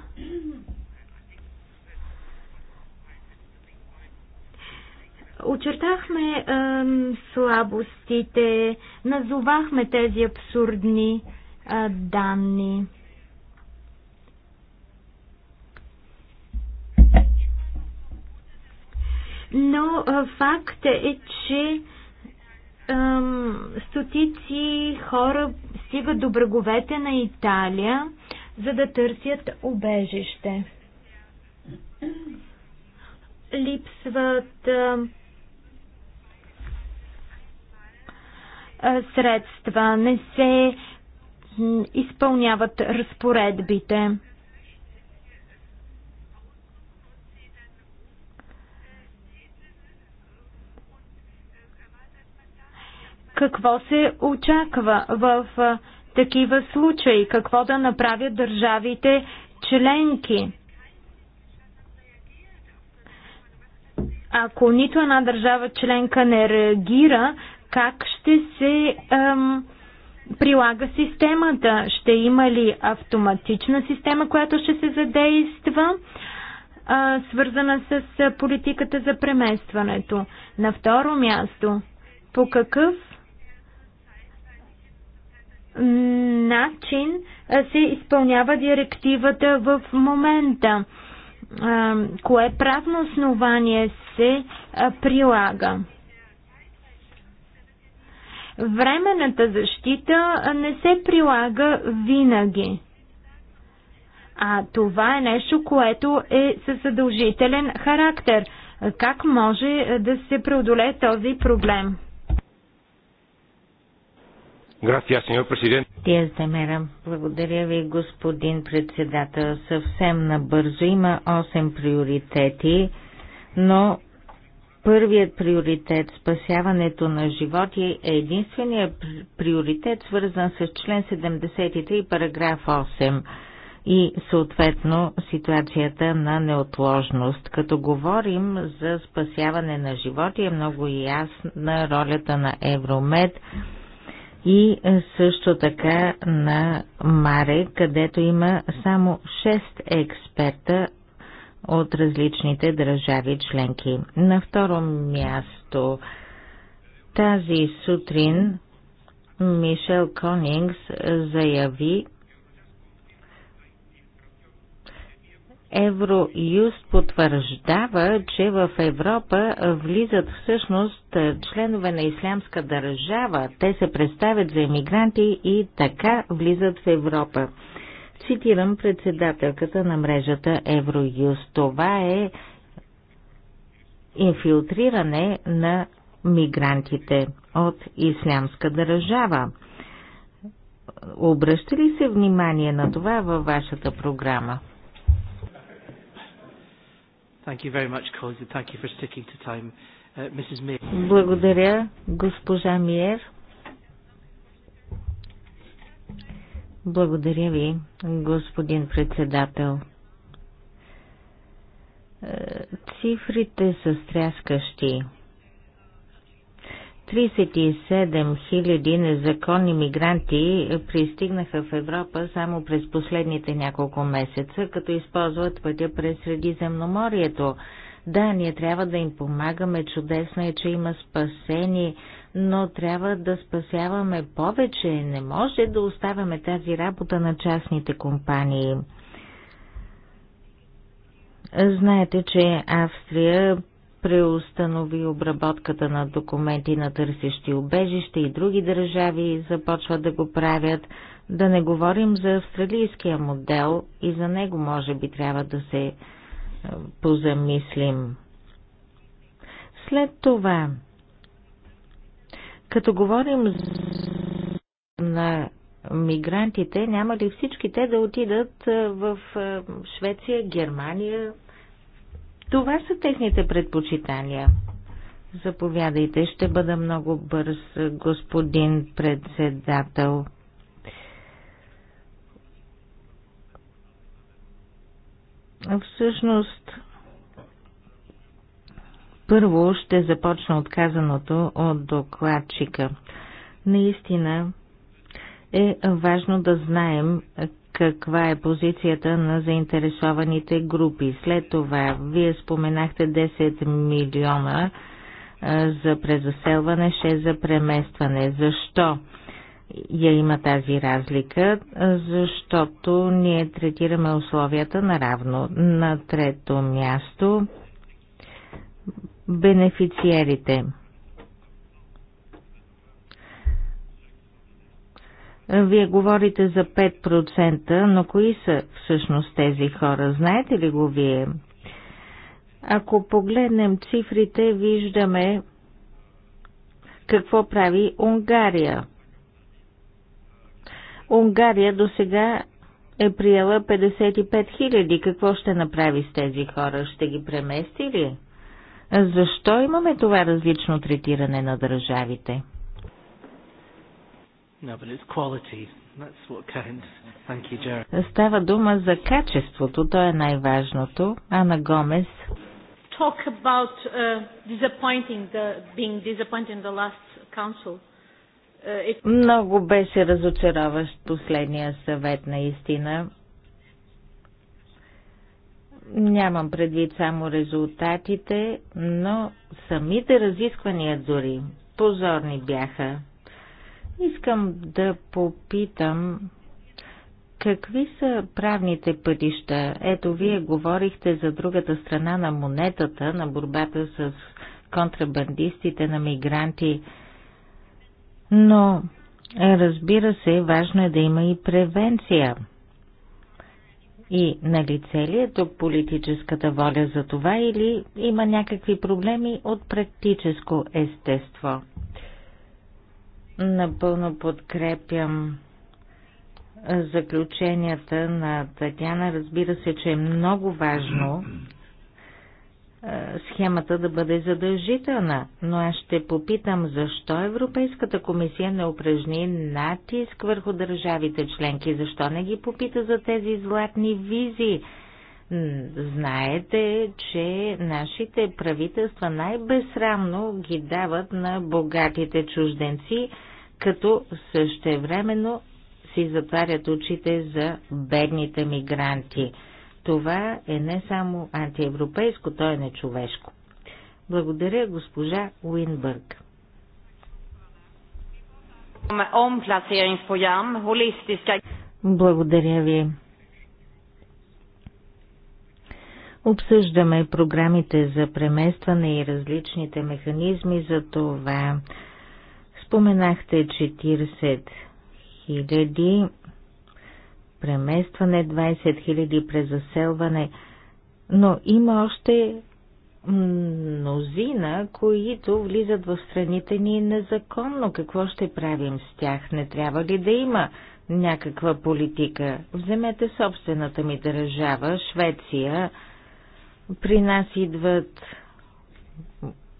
Очертахме е, слабостите, назовахме тези абсурдни е, данни. Но е, факт е, че е, стотици хора стигат до бреговете на Италия, за да търсят убежище. Липсват. Е, средства, не се изпълняват разпоредбите. Какво се очаква в такива случаи? Какво да направят държавите членки? Ако нито една държава членка не реагира, как ще се ам, прилага системата? Ще има ли автоматична система, която ще се задейства, а, свързана с политиката за преместването? На второ място, по какъв начин се изпълнява директивата в момента? Кое правно основание се прилага? Временната защита не се прилага винаги. А това е нещо, което е със задължителен характер. Как може да се преодолее този проблем? Gracias, сеньор президент. Тия замерам. Благодаря ви, господин председател. Съвсем набързо има 8 приоритети, но Първият приоритет, спасяването на животи, е единственият приоритет, свързан с член 73, параграф 8 и съответно ситуацията на неотложност. Като говорим за спасяване на животи е много ясна ролята на Евромед и също така на Маре, където има само 6 експерта от различните държави членки. На второ място тази сутрин Мишел Конингс заяви, Евроюст потвърждава, че в Европа влизат всъщност членове на ислямска държава. Те се представят за емигранти и така влизат в Европа. Цитирам председателката на мрежата Евроюз. Това е инфилтриране на мигрантите от ислямска държава. Обръща ли се внимание на това във вашата програма? Uh, Благодаря, госпожа Миер. Благодаря ви, господин председател. Е, цифрите са стряскащи. 37 000 незаконни мигранти пристигнаха в Европа само през последните няколко месеца, като използват пътя през Средиземноморието. Да, ние трябва да им помагаме. Чудесно е, че има спасени но трябва да спасяваме повече. Не може да оставяме тази работа на частните компании. Знаете, че Австрия преустанови обработката на документи на търсещи убежище и други държави започват да го правят. Да не говорим за австралийския модел и за него може би трябва да се е, позамислим. След това като говорим на мигрантите, няма ли всички те да отидат в Швеция, Германия? Това са техните предпочитания. Заповядайте, ще бъда много бърз, господин председател. Всъщност, първо ще започна отказаното от докладчика. Наистина е важно да знаем каква е позицията на заинтересованите групи. След това, вие споменахте 10 милиона за презаселване, 6 за преместване. Защо я има тази разлика? Защото ние третираме условията наравно. На трето място бенефициерите. Вие говорите за 5%, но кои са всъщност тези хора? Знаете ли го вие? Ако погледнем цифрите, виждаме какво прави Унгария. Унгария до сега е приела 55 000. Какво ще направи с тези хора? Ще ги премести ли? Защо имаме това различно третиране на държавите? No, but it's quality. That's what counts. Thank you, Става дума за качеството, то е най-важното. Ана Гомес. Talk about uh, disappointing the, being disappointed in the last council. Uh, Много беше разочароващ последния съвет наистина. Нямам предвид само резултатите, но самите разисквания дори позорни бяха. Искам да попитам какви са правните пътища? Ето, вие говорихте за другата страна на монетата, на борбата с контрабандистите, на мигранти. Но, разбира се, важно е да има и превенция. И на лице ли е тук политическата воля за това или има някакви проблеми от практическо естество? Напълно подкрепям заключенията на Татяна. Разбира се, че е много важно е, схемата да бъде задължителна, но аз ще попитам защо Европейската комисия не упражни натиск върху държавите членки, защо не ги попита за тези златни визи. Знаете, че нашите правителства най-безсрамно ги дават на богатите чужденци, като същевременно си затварят очите за бедните мигранти. Това е не само антиевропейско, то е нечовешко. Благодаря, госпожа Уинбърг. Благодаря ви. Обсъждаме програмите за преместване и различните механизми за това. Споменахте 40 хиляди преместване, 20 000 през заселване, но има още мнозина, които влизат в страните ни незаконно. Какво ще правим с тях? Не трябва ли да има някаква политика? Вземете собствената ми държава, Швеция. При нас идват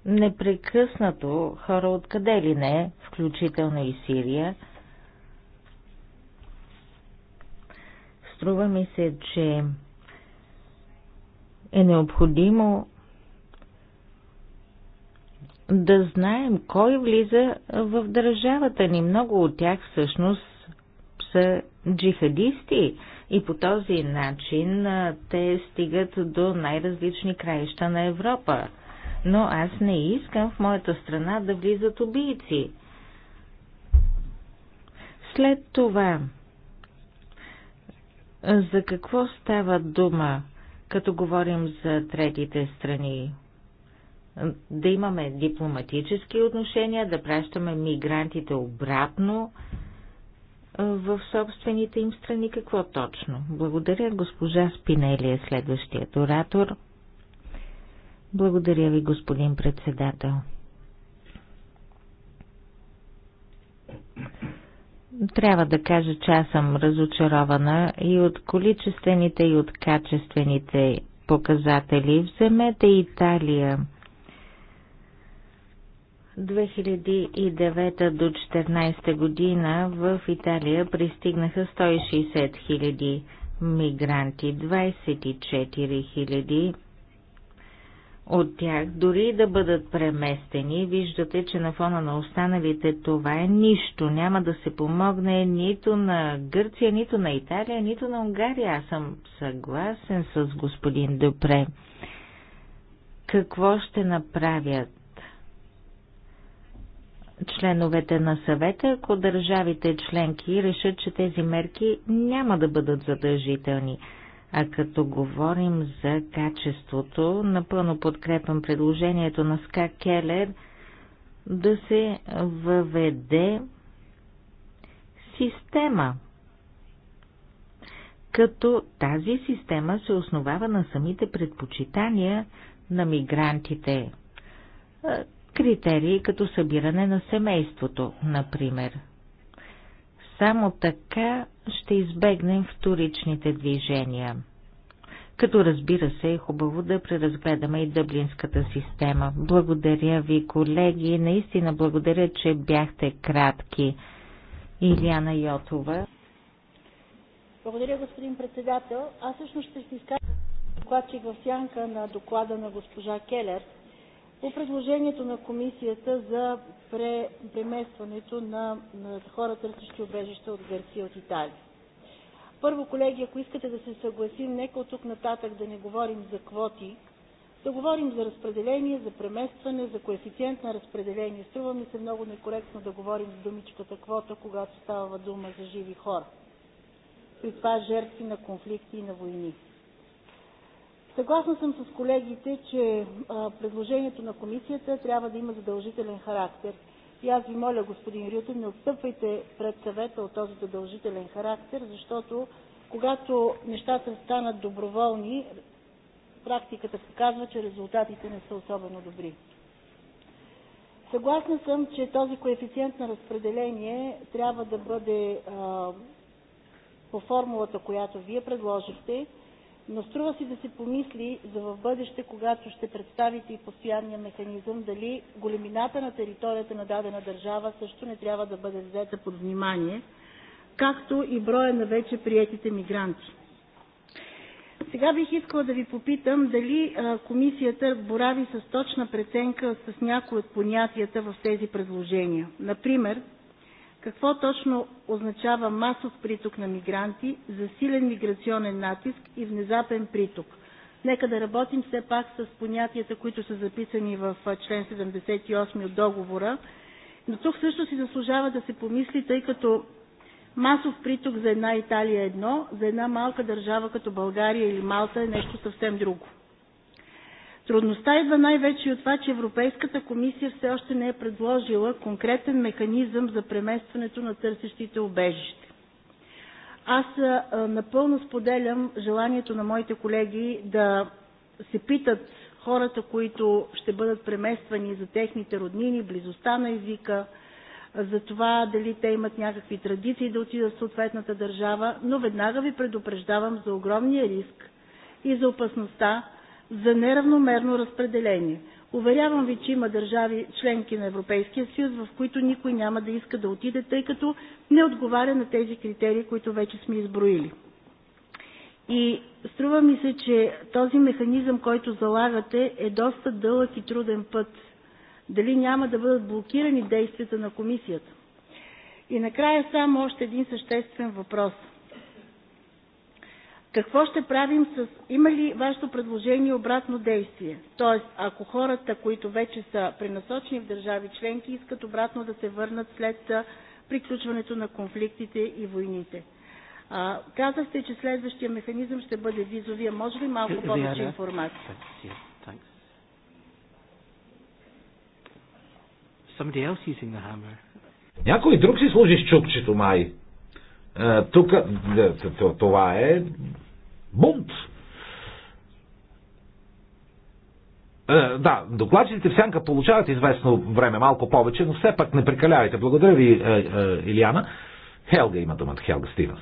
непрекъснато хора откъде ли не, включително и Сирия – Струва ми се, че е необходимо да знаем кой влиза в държавата ни. Много от тях всъщност са джихадисти и по този начин те стигат до най-различни краища на Европа. Но аз не искам в моята страна да влизат убийци. След това за какво става дума, като говорим за третите страни? Да имаме дипломатически отношения, да пращаме мигрантите обратно в собствените им страни. Какво точно? Благодаря, госпожа Спинели е следващият оратор. Благодаря ви, господин председател. Трябва да кажа, че аз съм разочарована и от количествените, и от качествените показатели. Вземете Италия. 2009 до 2014 година в Италия пристигнаха 160 000 мигранти, 24 000 от тях, дори да бъдат преместени, виждате, че на фона на останалите това е нищо. Няма да се помогне нито на Гърция, нито на Италия, нито на Унгария. Аз съм съгласен с господин Депре. Какво ще направят членовете на съвета, ако държавите членки решат, че тези мерки няма да бъдат задължителни? А като говорим за качеството, напълно подкрепям предложението на Ска Келер да се въведе система. Като тази система се основава на самите предпочитания на мигрантите. Критерии като събиране на семейството, например. Само така ще избегнем вторичните движения. Като разбира се е хубаво да преразгледаме и дъблинската система. Благодаря ви, колеги. Наистина благодаря, че бяхте кратки. Илиана Йотова. Благодаря, господин председател. Аз всъщност ще си изкажа докладчик в сянка на доклада на госпожа Келер. По предложението на комисията за преместването на, хора, търсещи убежище от Гърция от Италия. Първо, колеги, ако искате да се съгласим, нека от тук нататък да не говорим за квоти, да говорим за разпределение, за преместване, за коефициент на разпределение. Струва ми се много некоректно да говорим за думичката квота, когато става дума за живи хора. При това жертви на конфликти и на войни. Съгласна съм с колегите, че предложението на комисията трябва да има задължителен характер. И аз ви моля, господин Рютен, не отстъпвайте пред съвета от този задължителен характер, защото когато нещата станат доброволни, практиката показва, че резултатите не са особено добри. Съгласна съм, че този коефициент на разпределение трябва да бъде а, по формулата, която вие предложихте, но струва си да се помисли за в бъдеще, когато ще представите и постоянния механизъм, дали големината на територията на дадена държава също не трябва да бъде взета под внимание, както и броя на вече приетите мигранти. Сега бих искала да ви попитам дали комисията борави с точна преценка с някои от понятията в тези предложения. Например, какво точно означава масов приток на мигранти, засилен миграционен натиск и внезапен приток? Нека да работим все пак с понятията, които са записани в член 78 от договора. Но тук също си заслужава да се помисли, тъй като масов приток за една Италия е едно, за една малка държава като България или Малта е нещо съвсем друго. Трудността идва най-вече и от това, че Европейската комисия все още не е предложила конкретен механизъм за преместването на търсещите убежище. Аз напълно споделям желанието на моите колеги да се питат хората, които ще бъдат премествани за техните роднини, близостта на езика, за това дали те имат някакви традиции да отидат в съответната държава, но веднага ви предупреждавам за огромния риск и за опасността за неравномерно разпределение. Уверявам ви, че има държави – членки на Европейския съюз, в които никой няма да иска да отиде, тъй като не отговаря на тези критерии, които вече сме изброили. И струва ми се, че този механизъм, който залагате, е доста дълъг и труден път. Дали няма да бъдат блокирани действията на комисията? И накрая само още един съществен въпрос – какво ще правим с... Има ли вашето предложение обратно действие? Тоест, ако хората, които вече са пренасочени в държави членки, искат обратно да се върнат след приключването на конфликтите и войните. А, казахте, че следващия механизъм ще бъде визовия. Може ли малко повече информация? Някой друг си служи с чукчето, май. Тук това е Бунт! Е, да, докладчиците в сянка получават известно време, малко повече, но все пак не прекалявайте. Благодаря ви, е, е, Илиана. Хелга има думата, Хелга Стивенс.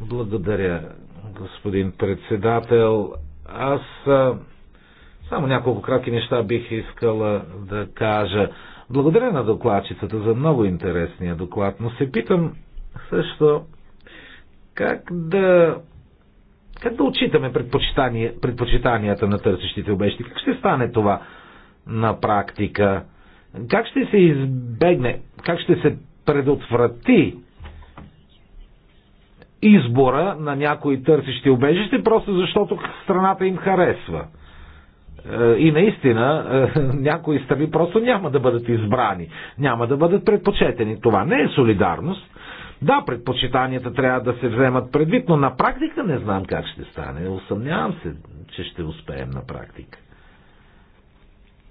Благодаря, господин председател. Аз а, е, само няколко кратки неща бих искала да кажа. Благодаря на докладчицата за много интересния доклад, но се питам също как да как да отчитаме предпочитания, предпочитанията на търсещите обещи? Как ще стане това на практика? Как ще се избегне, как ще се предотврати избора на някои търсещи обежище, просто защото страната им харесва? И наистина е, някои страни просто няма да бъдат избрани, няма да бъдат предпочетени. Това не е солидарност. Да, предпочитанията трябва да се вземат предвид, но на практика не знам как ще стане. Осъмнявам се, че ще успеем на практика.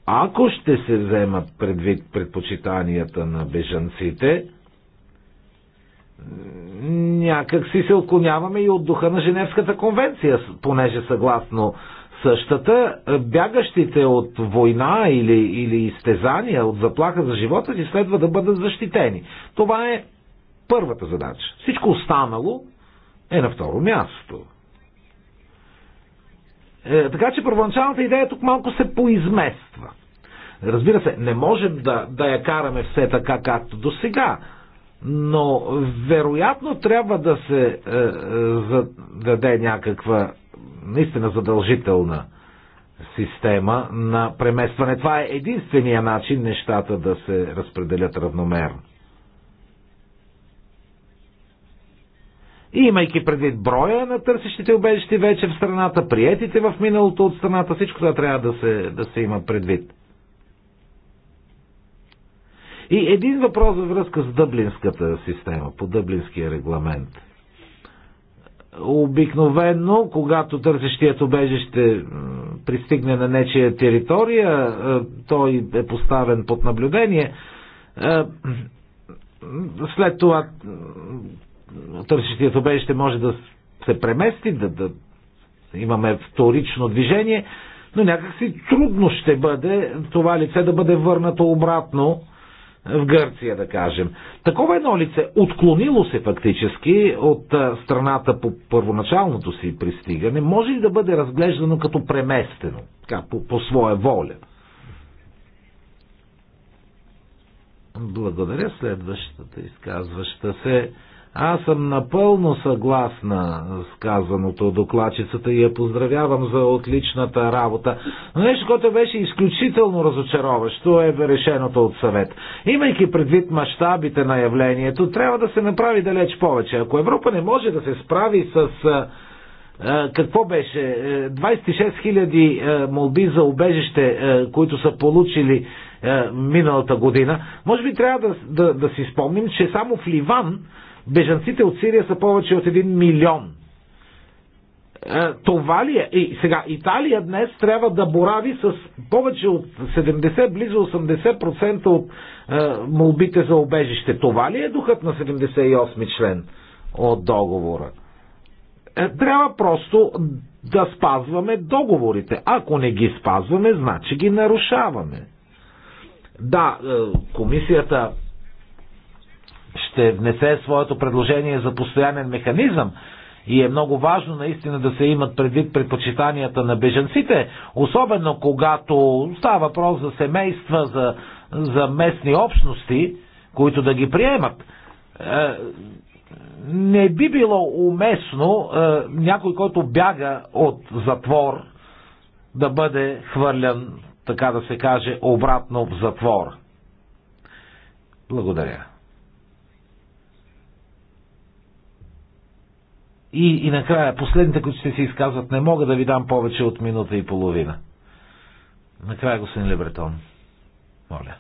Ако ще се вземат предвид предпочитанията на бежанците, някак си се отклоняваме и от духа на Женевската конвенция, понеже съгласно същата, бягащите от война или, или изтезания, от заплаха за живота си, следва да бъдат защитени. Това е първата задача. Всичко останало е на второ място. Е, така че първоначалната идея тук малко се поизмества. Разбира се, не можем да, да я караме все така, както до сега, но вероятно трябва да се е, е, даде някаква наистина задължителна система на преместване. Това е единствения начин нещата да се разпределят равномерно. И имайки предвид броя на търсещите убежище вече в страната, приетите в миналото от страната, всичко това трябва да се, да се има предвид. И един въпрос във връзка с дъблинската система, по дъблинския регламент – Обикновено, когато търсещият обежище пристигне на нечия територия, е, той е поставен под наблюдение. Е, след това търсещият обежище може да се премести, да, да имаме вторично движение, но някакси трудно ще бъде това лице да бъде върнато обратно в Гърция, да кажем. Такова едно лице, отклонило се фактически от страната по първоначалното си пристигане, може ли да бъде разглеждано като преместено, така, по, по своя воля? Благодаря следващата изказваща се. Аз съм напълно съгласна с казаното докладчицата и я поздравявам за отличната работа. Но нещо, което беше изключително разочароващо е решеното от съвет. Имайки предвид мащабите на явлението, трябва да се направи далеч повече. Ако Европа не може да се справи с е, е, какво беше? 26 е, хиляди молби за убежище, които са получили миналата година. Може би трябва да, да, да си спомним, че само в Ливан Бежанците от Сирия са повече от 1 милион. Е, това ли е? И сега, Италия днес трябва да борави с повече от 70, близо 80% от е, молбите за обежище. Това ли е духът на 78 член от договора? Е, трябва просто да спазваме договорите. Ако не ги спазваме, значи ги нарушаваме. Да, е, комисията ще внесе своето предложение за постоянен механизъм. И е много важно наистина да се имат предвид предпочитанията на беженците, особено когато става въпрос за семейства, за, за местни общности, които да ги приемат. Е, не би било уместно е, някой, който бяга от затвор, да бъде хвърлян, така да се каже, обратно в затвор. Благодаря. И, и накрая, последните, които ще се изказват, не мога да ви дам повече от минута и половина. Накрая, господин Лебретон. Моля.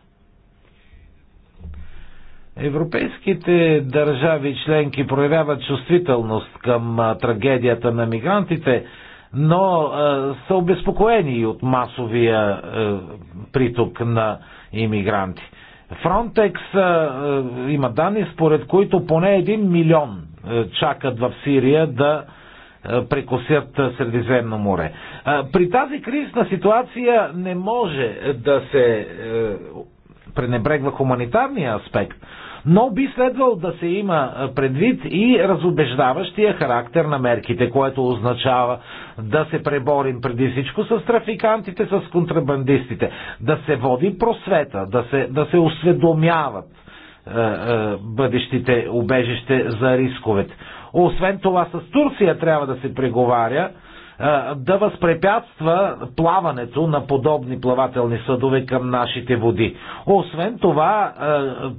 Европейските държави членки проявяват чувствителност към трагедията на мигрантите, но е, са обезпокоени от масовия е, приток на иммигранти. Фронтекс е, има данни, според които поне 1 милион е, чакат в Сирия да е, прекосят Средиземно море. Е, при тази кризисна ситуация не може да се пренебрегва хуманитарния аспект, но би следвал да се има предвид и разобеждаващия характер на мерките, което означава да се преборим преди всичко с трафикантите, с контрабандистите, да се води просвета, да се, да се осведомяват бъдещите убежище за рисковете. Освен това с Турция трябва да се преговаря да възпрепятства плаването на подобни плавателни съдове към нашите води. Освен това,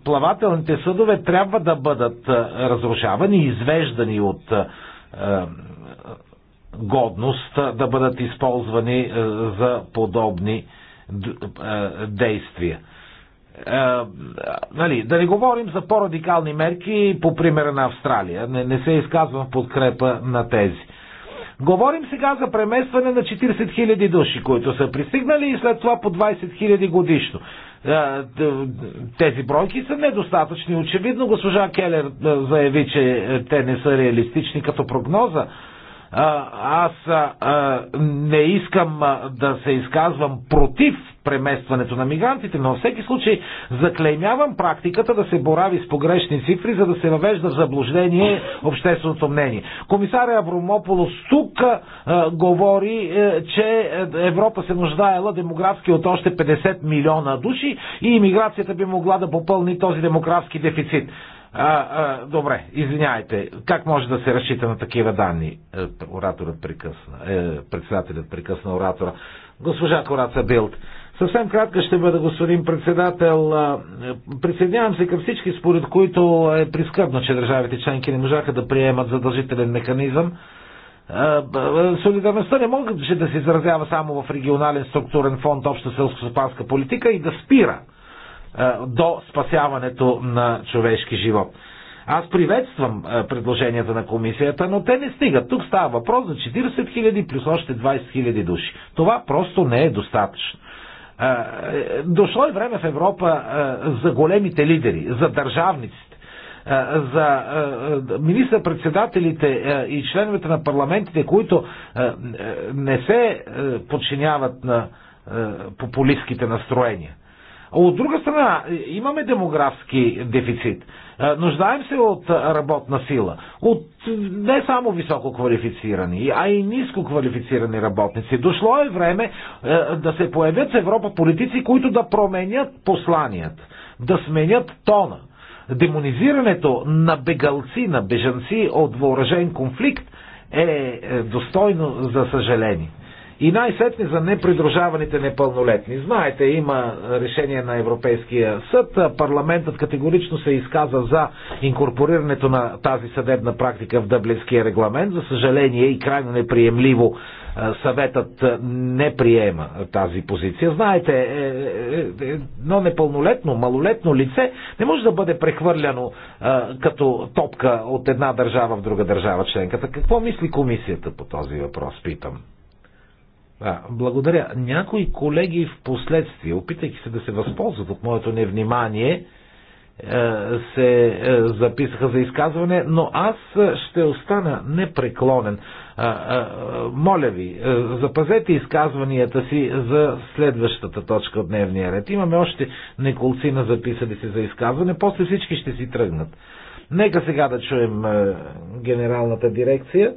плавателните съдове трябва да бъдат разрушавани, извеждани от годност да бъдат използвани за подобни действия. Е, нали, да не говорим за по-радикални мерки по примера на Австралия. Не, не се изказвам в подкрепа на тези. Говорим сега за преместване на 40 000 души, които са пристигнали и след това по 20 000 годишно. Е, тези бройки са недостатъчни. Очевидно госпожа Келер е, заяви, че те не са реалистични като прогноза. Аз не искам да се изказвам против преместването на мигрантите, но във всеки случай заклеймявам практиката да се борави с погрешни цифри, за да се въвежда в заблуждение общественото мнение. Комисаря Авромополос тук а, говори, а, е, че Европа се нуждаела демографски от още 50 милиона души и иммиграцията би могла да попълни този демографски дефицит. А, а, добре, извиняйте. Как може да се разчита на такива данни? Е, ораторът прекъсна. Е, председателят прекъсна оратора. Госпожа Кораца Билт, Съвсем кратка ще бъда, господин председател. Е, присъединявам се към всички, според които е прискърбно, че държавите членки не можаха да приемат задължителен механизъм. Е, солидарността не може да се изразява само в регионален структурен фонд, обща селско политика и да спира до спасяването на човешки живот. Аз приветствам предложенията на комисията, но те не стигат. Тук става въпрос за 40 000 плюс още 20 000 души. Това просто не е достатъчно. Дошло е време в Европа за големите лидери, за държавниците, за министър-председателите и членовете на парламентите, които не се подчиняват на популистските настроения. От друга страна, имаме демографски дефицит. Нуждаем се от работна сила, от не само високо квалифицирани, а и ниско квалифицирани работници. Дошло е време да се появят в Европа политици, които да променят посланият, да сменят тона. Демонизирането на бегалци, на бежанци от въоръжен конфликт е, е достойно за съжаление. И най-сетне за непридружаваните непълнолетни. Знаете, има решение на Европейския съд. Парламентът категорично се изказа за инкорпорирането на тази съдебна практика в Дъблинския регламент. За съжаление и крайно неприемливо е, съветът не приема тази позиция. Знаете, е, е, едно непълнолетно, малолетно лице не може да бъде прехвърляно като топка от една държава в друга държава членката. Какво мисли комисията по този въпрос, питам? А, благодаря. Някои колеги в последствие, опитайки се да се възползват от моето невнимание, е, се е, записаха за изказване, но аз ще остана непреклонен. Моля ви, е, запазете изказванията си за следващата точка от дневния ред. Имаме още неколцина записали се за изказване, после всички ще си тръгнат. Нека сега да чуем генералната дирекция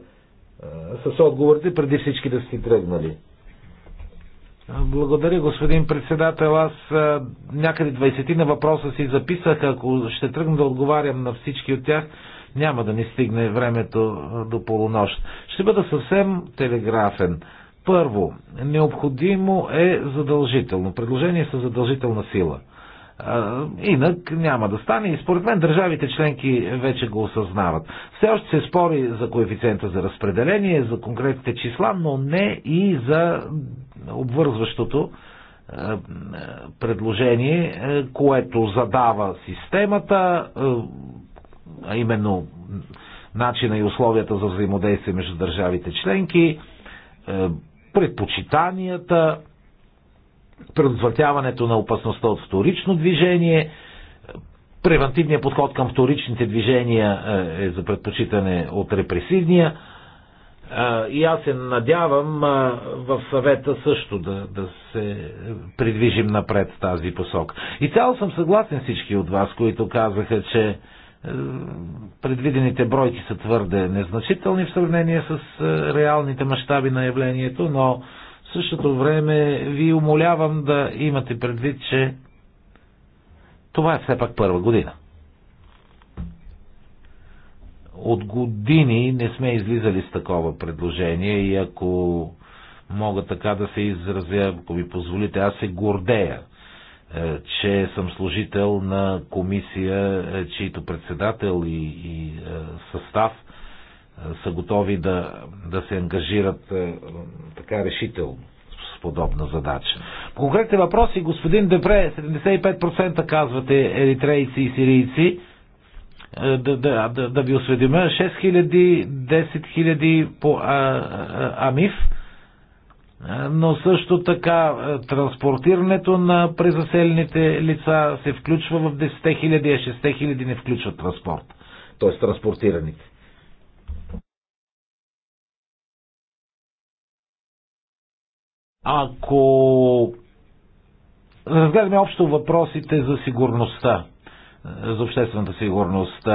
с отговорите преди всички да си тръгнали. Благодаря, господин председател. Аз някъде 20 на въпроса си записах. Ако ще тръгна да отговарям на всички от тях, няма да ни стигне времето до полунощ. Ще бъда съвсем телеграфен. Първо, необходимо е задължително. Предложение са задължителна сила. Инак няма да стане и според мен държавите членки вече го осъзнават. Все още се спори за коефициента за разпределение, за конкретните числа, но не и за обвързващото предложение, което задава системата, а именно начина и условията за взаимодействие между държавите членки, предпочитанията, предотвратяването на опасността от вторично движение, превентивният подход към вторичните движения е, е за предпочитане от репресивния. Е, и аз се надявам е, в съвета също да, да се придвижим напред в тази посока. И цяло съм съгласен всички от вас, които казаха, че предвидените бройки са твърде незначителни в сравнение с реалните мащаби на явлението, но същото време ви умолявам да имате предвид, че това е все пак първа година. От години не сме излизали с такова предложение и ако мога така да се изразя, ако ви позволите, аз се гордея, е, че съм служител на комисия, е, чийто председател и, и е, състав – са готови да, да се ангажират така решително с подобна задача. По конкретни въпроси, господин Депре, 75% казвате еритрейци и сирийци, да, да, да, да ви осведомя, 6000, 10 000 по а, а, АМИФ, но също така транспортирането на презаселените лица се включва в 10 000, а 6 000 не включват транспорт, т.е. транспортираните. Ако разгледаме общо въпросите за сигурността, е, за обществената сигурност, е,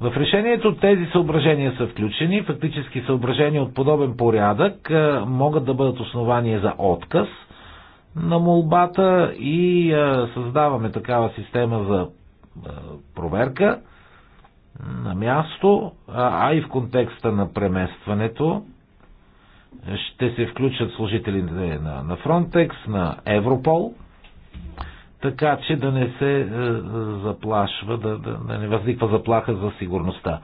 в решението тези съображения са включени. Фактически съображения от подобен порядък е, могат да бъдат основания за отказ на молбата и създаваме такава система за проверка на място, а и в контекста на преместването ще се включат служителите на, на Frontex, на Европол, така че да не се е, заплашва, да, да, да не възниква заплаха за сигурността.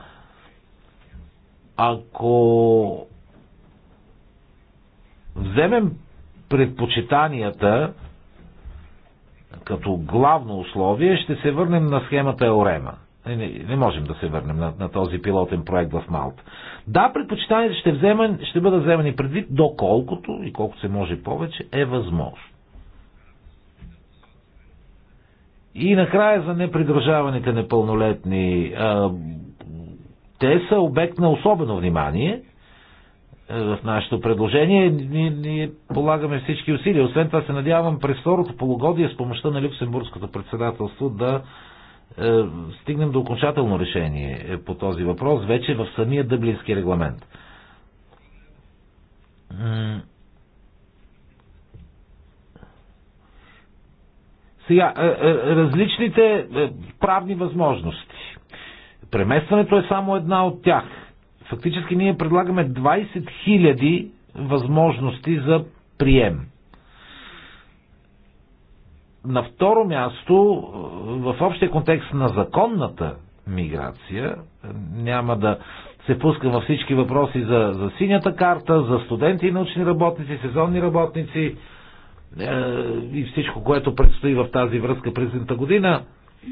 Ако вземем предпочитанията като главно условие, ще се върнем на схемата Еорема. Не, не можем да се върнем на, на този пилотен проект в Малта. Да, предпочитанията ще, вземен, ще бъдат вземани предвид доколкото и колкото се може повече е възможно. И накрая за непридържаваните непълнолетни. Те са обект на особено внимание е, в нашето предложение. Ние, ние полагаме всички усилия. Освен това се надявам през второто полугодие с помощта на Люксембургското председателство да е, стигнем до окончателно решение е, по този въпрос, вече в самия дъблински регламент. Сега, е, различните правни възможности. Преместването е само една от тях. Фактически ние предлагаме 20 000 възможности за прием. На второ място, в общия контекст на законната миграция, няма да се пуска във всички въпроси за, за синята карта, за студенти и научни работници, сезонни работници е, и всичко, което предстои в тази връзка през едната година. Е,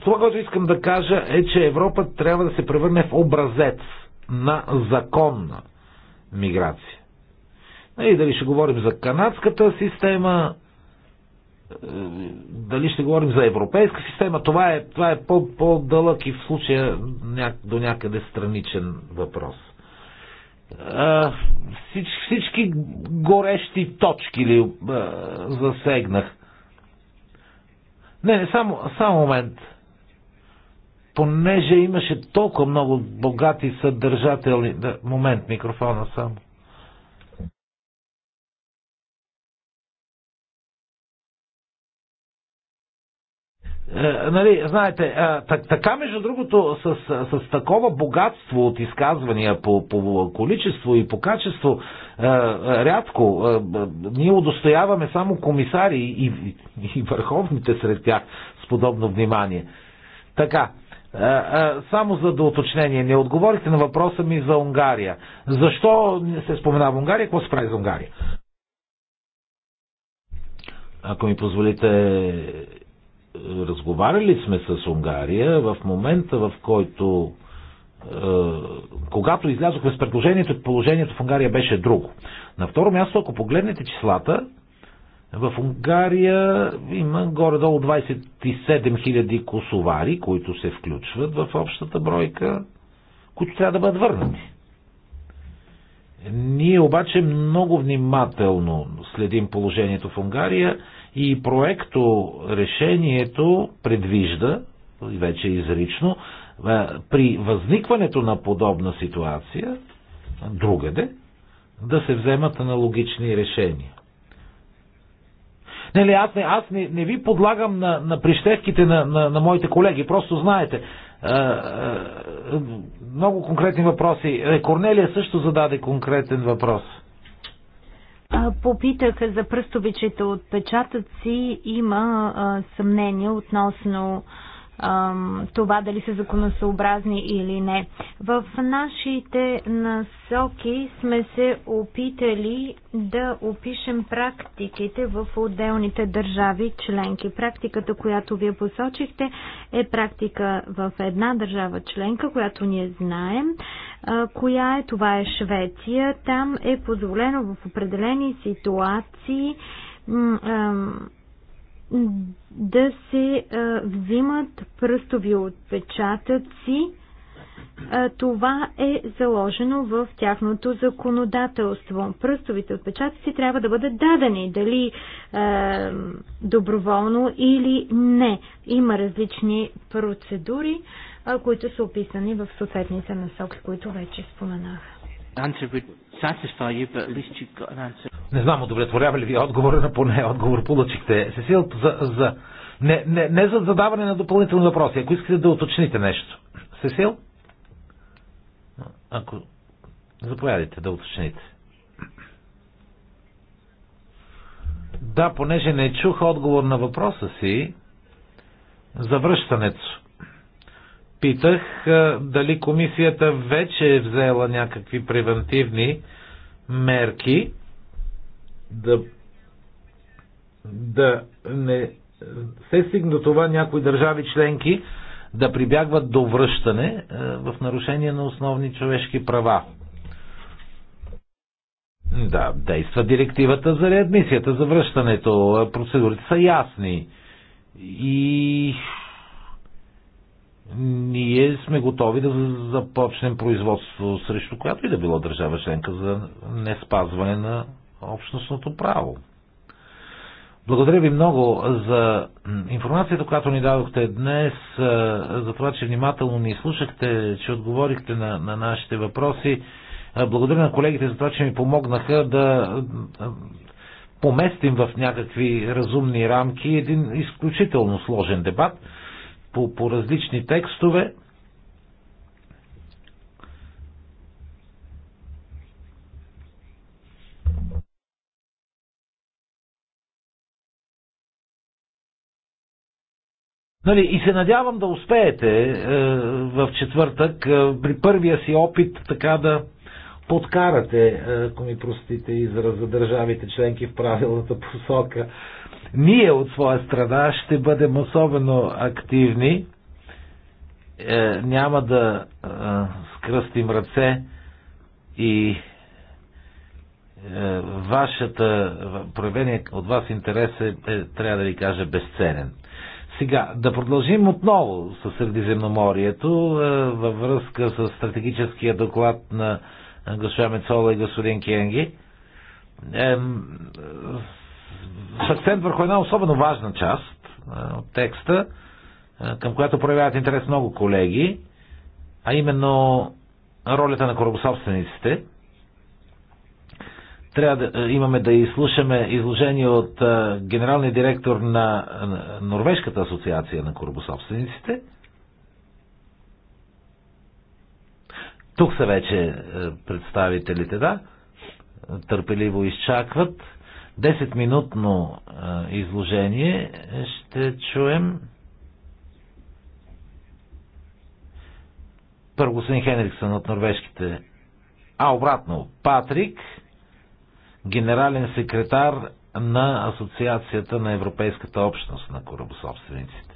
това, което искам да кажа е, че Европа трябва да се превърне в образец на законна миграция. И дали ще говорим за канадската система, е, дали ще говорим за европейска система, това е, това е по, по-дълъг и в случая до някъде страничен въпрос. всички горещи точки ли е, засегнах? Не, не, само, само момент. Понеже имаше толкова много богати съдържателни... Да, момент, микрофона само. Е, нали, знаете, так, така между другото с, с такова богатство от изказвания по, по количество и по качество, е, е, рядко ние удостояваме само комисари и, и, и върховните сред тях с подобно внимание. Така, само за доуточнение, не отговорихте на въпроса ми за Унгария. Защо се споменава Унгария? Какво се прави за Унгария? Ако ми позволите разговаряли сме с Унгария в момента, в който е, когато излязохме с предложението, положението в Унгария беше друго. На второ място, ако погледнете числата, в Унгария има горе-долу 27 000 косовари, които се включват в общата бройка, които трябва да бъдат върнати. Ние обаче много внимателно следим положението в Унгария и проекто решението предвижда, вече е изрично, при възникването на подобна ситуация, другаде, да се вземат аналогични решения. Не, нали, не, аз не, аз не, не ви подлагам на, на прищевките на, на, на моите колеги, просто знаете. Е, е, много конкретни въпроси. Е, Корнелия също зададе конкретен въпрос. Е, Попитаха за пръстовичите отпечатъци. Има съмнение относно това дали са законосъобразни или не. В нашите насоки сме се опитали да опишем практиките в отделните държави членки. Практиката, която вие посочихте, е практика в една държава членка, която ние знаем. Коя е? Това е Швеция. Там е позволено в определени ситуации да се взимат пръстови отпечатъци. Това е заложено в тяхното законодателство. Пръстовите отпечатъци трябва да бъдат дадени, дали а, доброволно или не. Има различни процедури, които са описани в съответните насоки, които вече споменах. Не знам, удовлетворява ли ви отговора, но поне отговор получихте. Сесил, за, за, не, не, не за задаване на допълнителни въпроси, ако искате да уточните нещо. Сесил? Ако заповядайте да уточните. Да, понеже не чух отговор на въпроса си за връщането Питах дали комисията вече е взела някакви превентивни мерки да, да не се стигне до това някои държави членки да прибягват до връщане в нарушение на основни човешки права. Да, действа директивата за реадмисията, за връщането. Процедурите са ясни. И ние сме готови да започнем производство срещу която и да било държава членка за не спазване на общностното право. Благодаря ви много за информацията, която ни дадохте днес, за това, че внимателно ни слушахте, че отговорихте на, на нашите въпроси. Благодаря на колегите за това, че ми помогнаха да поместим в някакви разумни рамки един изключително сложен дебат по, по различни текстове. Нали, и се надявам да успеете е, в четвъртък е, при първия си опит така да подкарате, е, ако ми простите израза, държавите членки в правилната посока. Ние от своя страна ще бъдем особено активни. Е, няма да е, скръстим ръце и е, вашата проявение от вас интерес е, е, трябва да ви кажа, безценен. Сега, да продължим отново с Средиземноморието е, във връзка с стратегическия доклад на госпожа Мецола и господин Кенги с акцент върху една особено важна част от текста, към която проявяват интерес много колеги, а именно ролята на корабособствениците. Трябва да имаме да изслушаме изложение от генералния директор на Норвежката асоциация на корабособствениците. Тук са вече представителите, да. Търпеливо изчакват. 10-минутно изложение ще чуем първо Сен Хенриксън от норвежките, а обратно Патрик, генерален секретар на Асоциацията на Европейската общност на корабособствениците.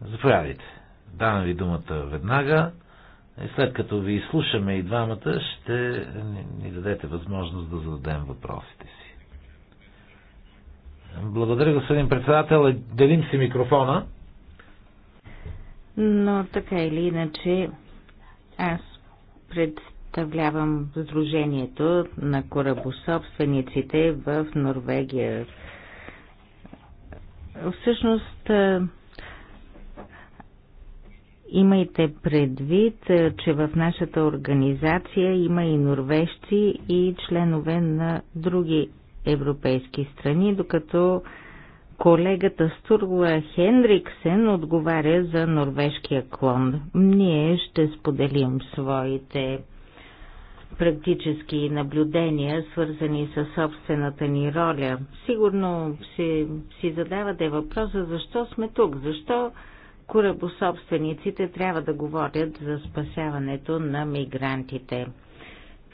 Заповядайте. Давам ви думата веднага. И след като ви изслушаме и двамата, ще ни дадете възможност да зададем въпросите си. Благодаря, господин председател. Делим си микрофона. Но така или иначе, аз представлявам Сдружението на корабособствениците в Норвегия. Всъщност, имайте предвид, че в нашата организация има и норвежци и членове на други европейски страни, докато колегата Стургла Хендриксен отговаря за норвежкия клон. Ние ще споделим своите практически наблюдения, свързани с собствената ни роля. Сигурно си, си задавате въпроса защо сме тук, защо корабособствениците трябва да говорят за спасяването на мигрантите.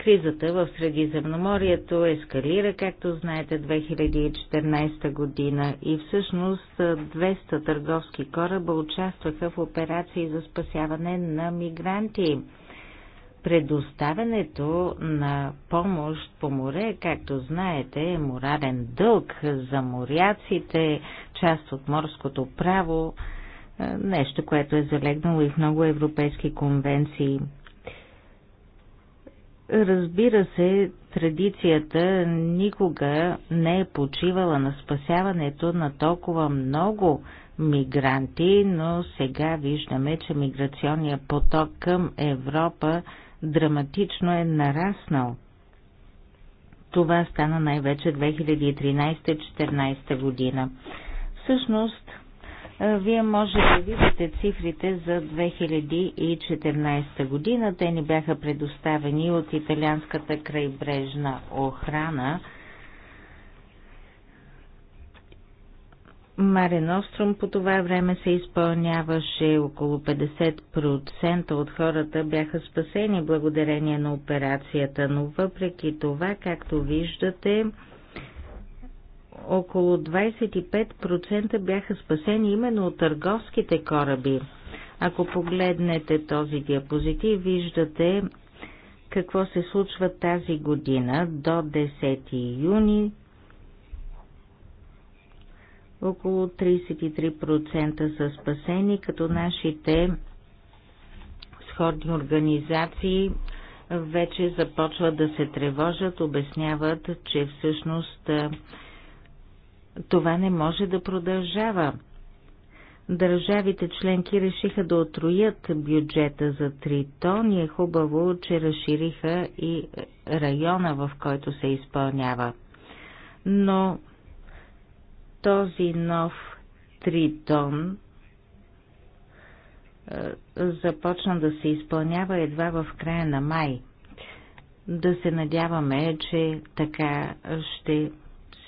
Кризата в Средиземноморието ескалира, както знаете, 2014 година и всъщност 200 търговски кораба участваха в операции за спасяване на мигранти. Предоставянето на помощ по море, както знаете, е морален дълг за моряците, част от морското право, е, нещо, което е залегнало и в много европейски конвенции – Разбира се, традицията никога не е почивала на спасяването на толкова много мигранти, но сега виждаме, че миграционният поток към Европа драматично е нараснал. Това стана най-вече 2013-14 година. Всъщност, е, вие може да видите цифрите за 2014 година. Те ни бяха предоставени от италианската крайбрежна охрана. Маре Ностром по това време се изпълняваше около 50% от хората бяха спасени благодарение на операцията, но въпреки това, както виждате, около 25% бяха спасени именно от търговските кораби. Ако погледнете този диапозитив, виждате какво се случва тази година до 10 юни. Около 33% са спасени, като нашите сходни организации вече започват да се тревожат, обясняват, че всъщност това не може да продължава. Държавите членки решиха да отроят бюджета за три и е хубаво, че разшириха и района, в който се изпълнява. Но този нов тритон е, започна да се изпълнява едва в края на май. Да се надяваме, че така ще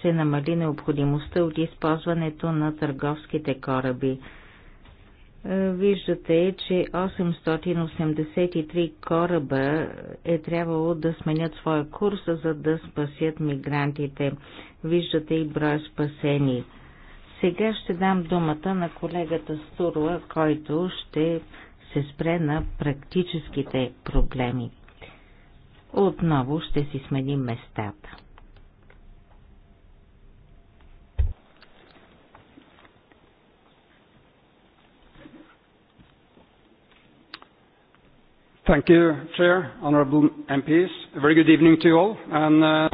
се намали необходимостта от използването на търговските кораби. Е, виждате, че 883 кораба е трябвало да сменят своя курс, за да спасят мигрантите. Виждате и броя спасени. Сега ще дам думата на колегата Стурла, който ще се спре на практическите проблеми. Отново ще си сменим местата.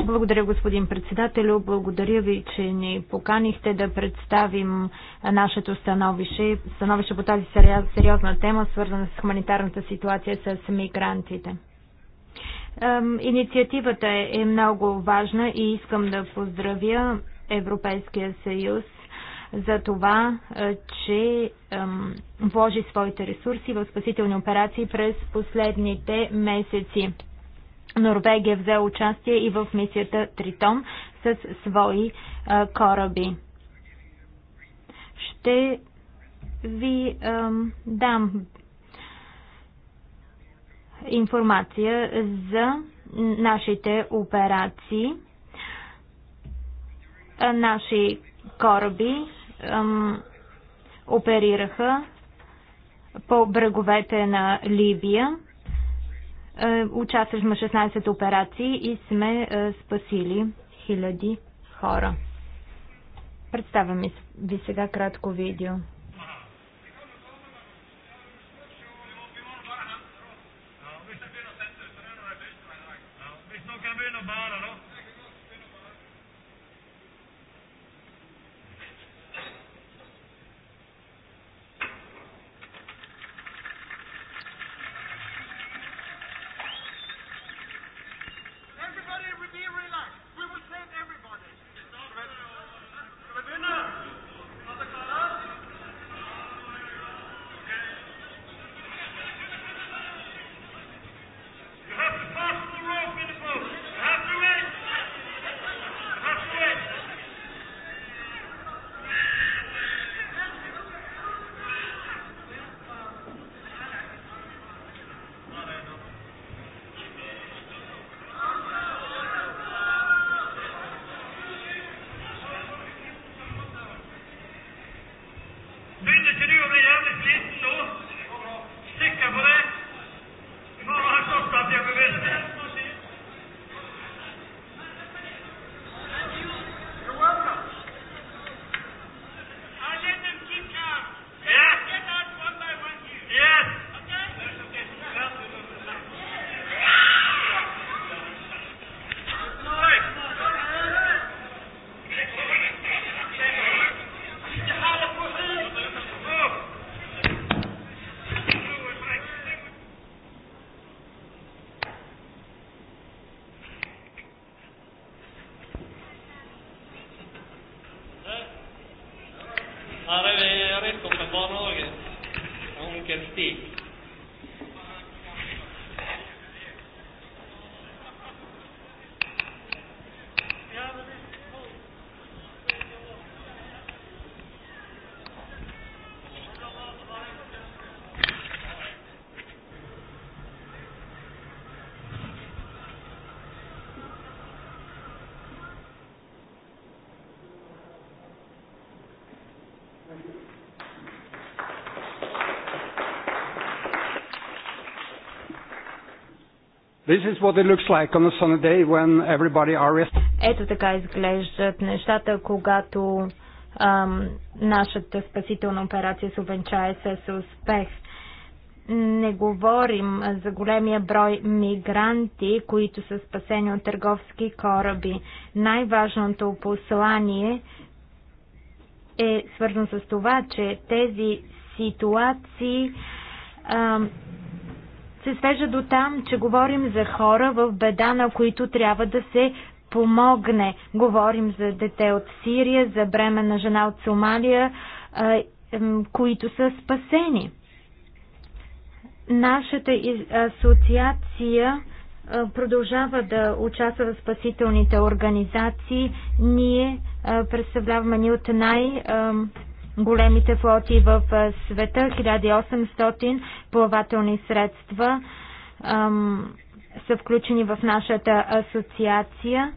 Благодаря, господин председателю. Благодаря ви, че ни поканихте да представим нашето становище, становище по тази сериозна тема, свързана с хуманитарната ситуация с мигрантите. Инициативата е, е много важна и искам да поздравя Европейския съюз за това, е, че вложи своите ресурси в спасителни операции през последните месеци. Норвегия е взе участие и в мисията Тритон с свои е, кораби. Ще ви дам информация за нашите операции. Наши кораби ам, оперираха по бреговете на Либия. Е, Участвахме 16 операции и сме е, спасили хиляди хора. Представям ви сега кратко видео. This is what it looks like on a sunny day when everybody are Ето така изглеждат нещата, когато ам, нашата спасителна операция се увенчае с успех. Не говорим за големия брой мигранти, които са спасени от търговски кораби. Най-важното послание е свързано с това, че тези ситуации ам, се свежда до там, че говорим за хора в беда, на които трябва да се помогне. Говорим за дете от Сирия, за бремена жена от Сомалия, които са спасени. Нашата асоциация продължава да участва в спасителните организации. Ние представляваме ни от най- големите флоти в света, 1800 плавателни средства ам, са включени в нашата асоциация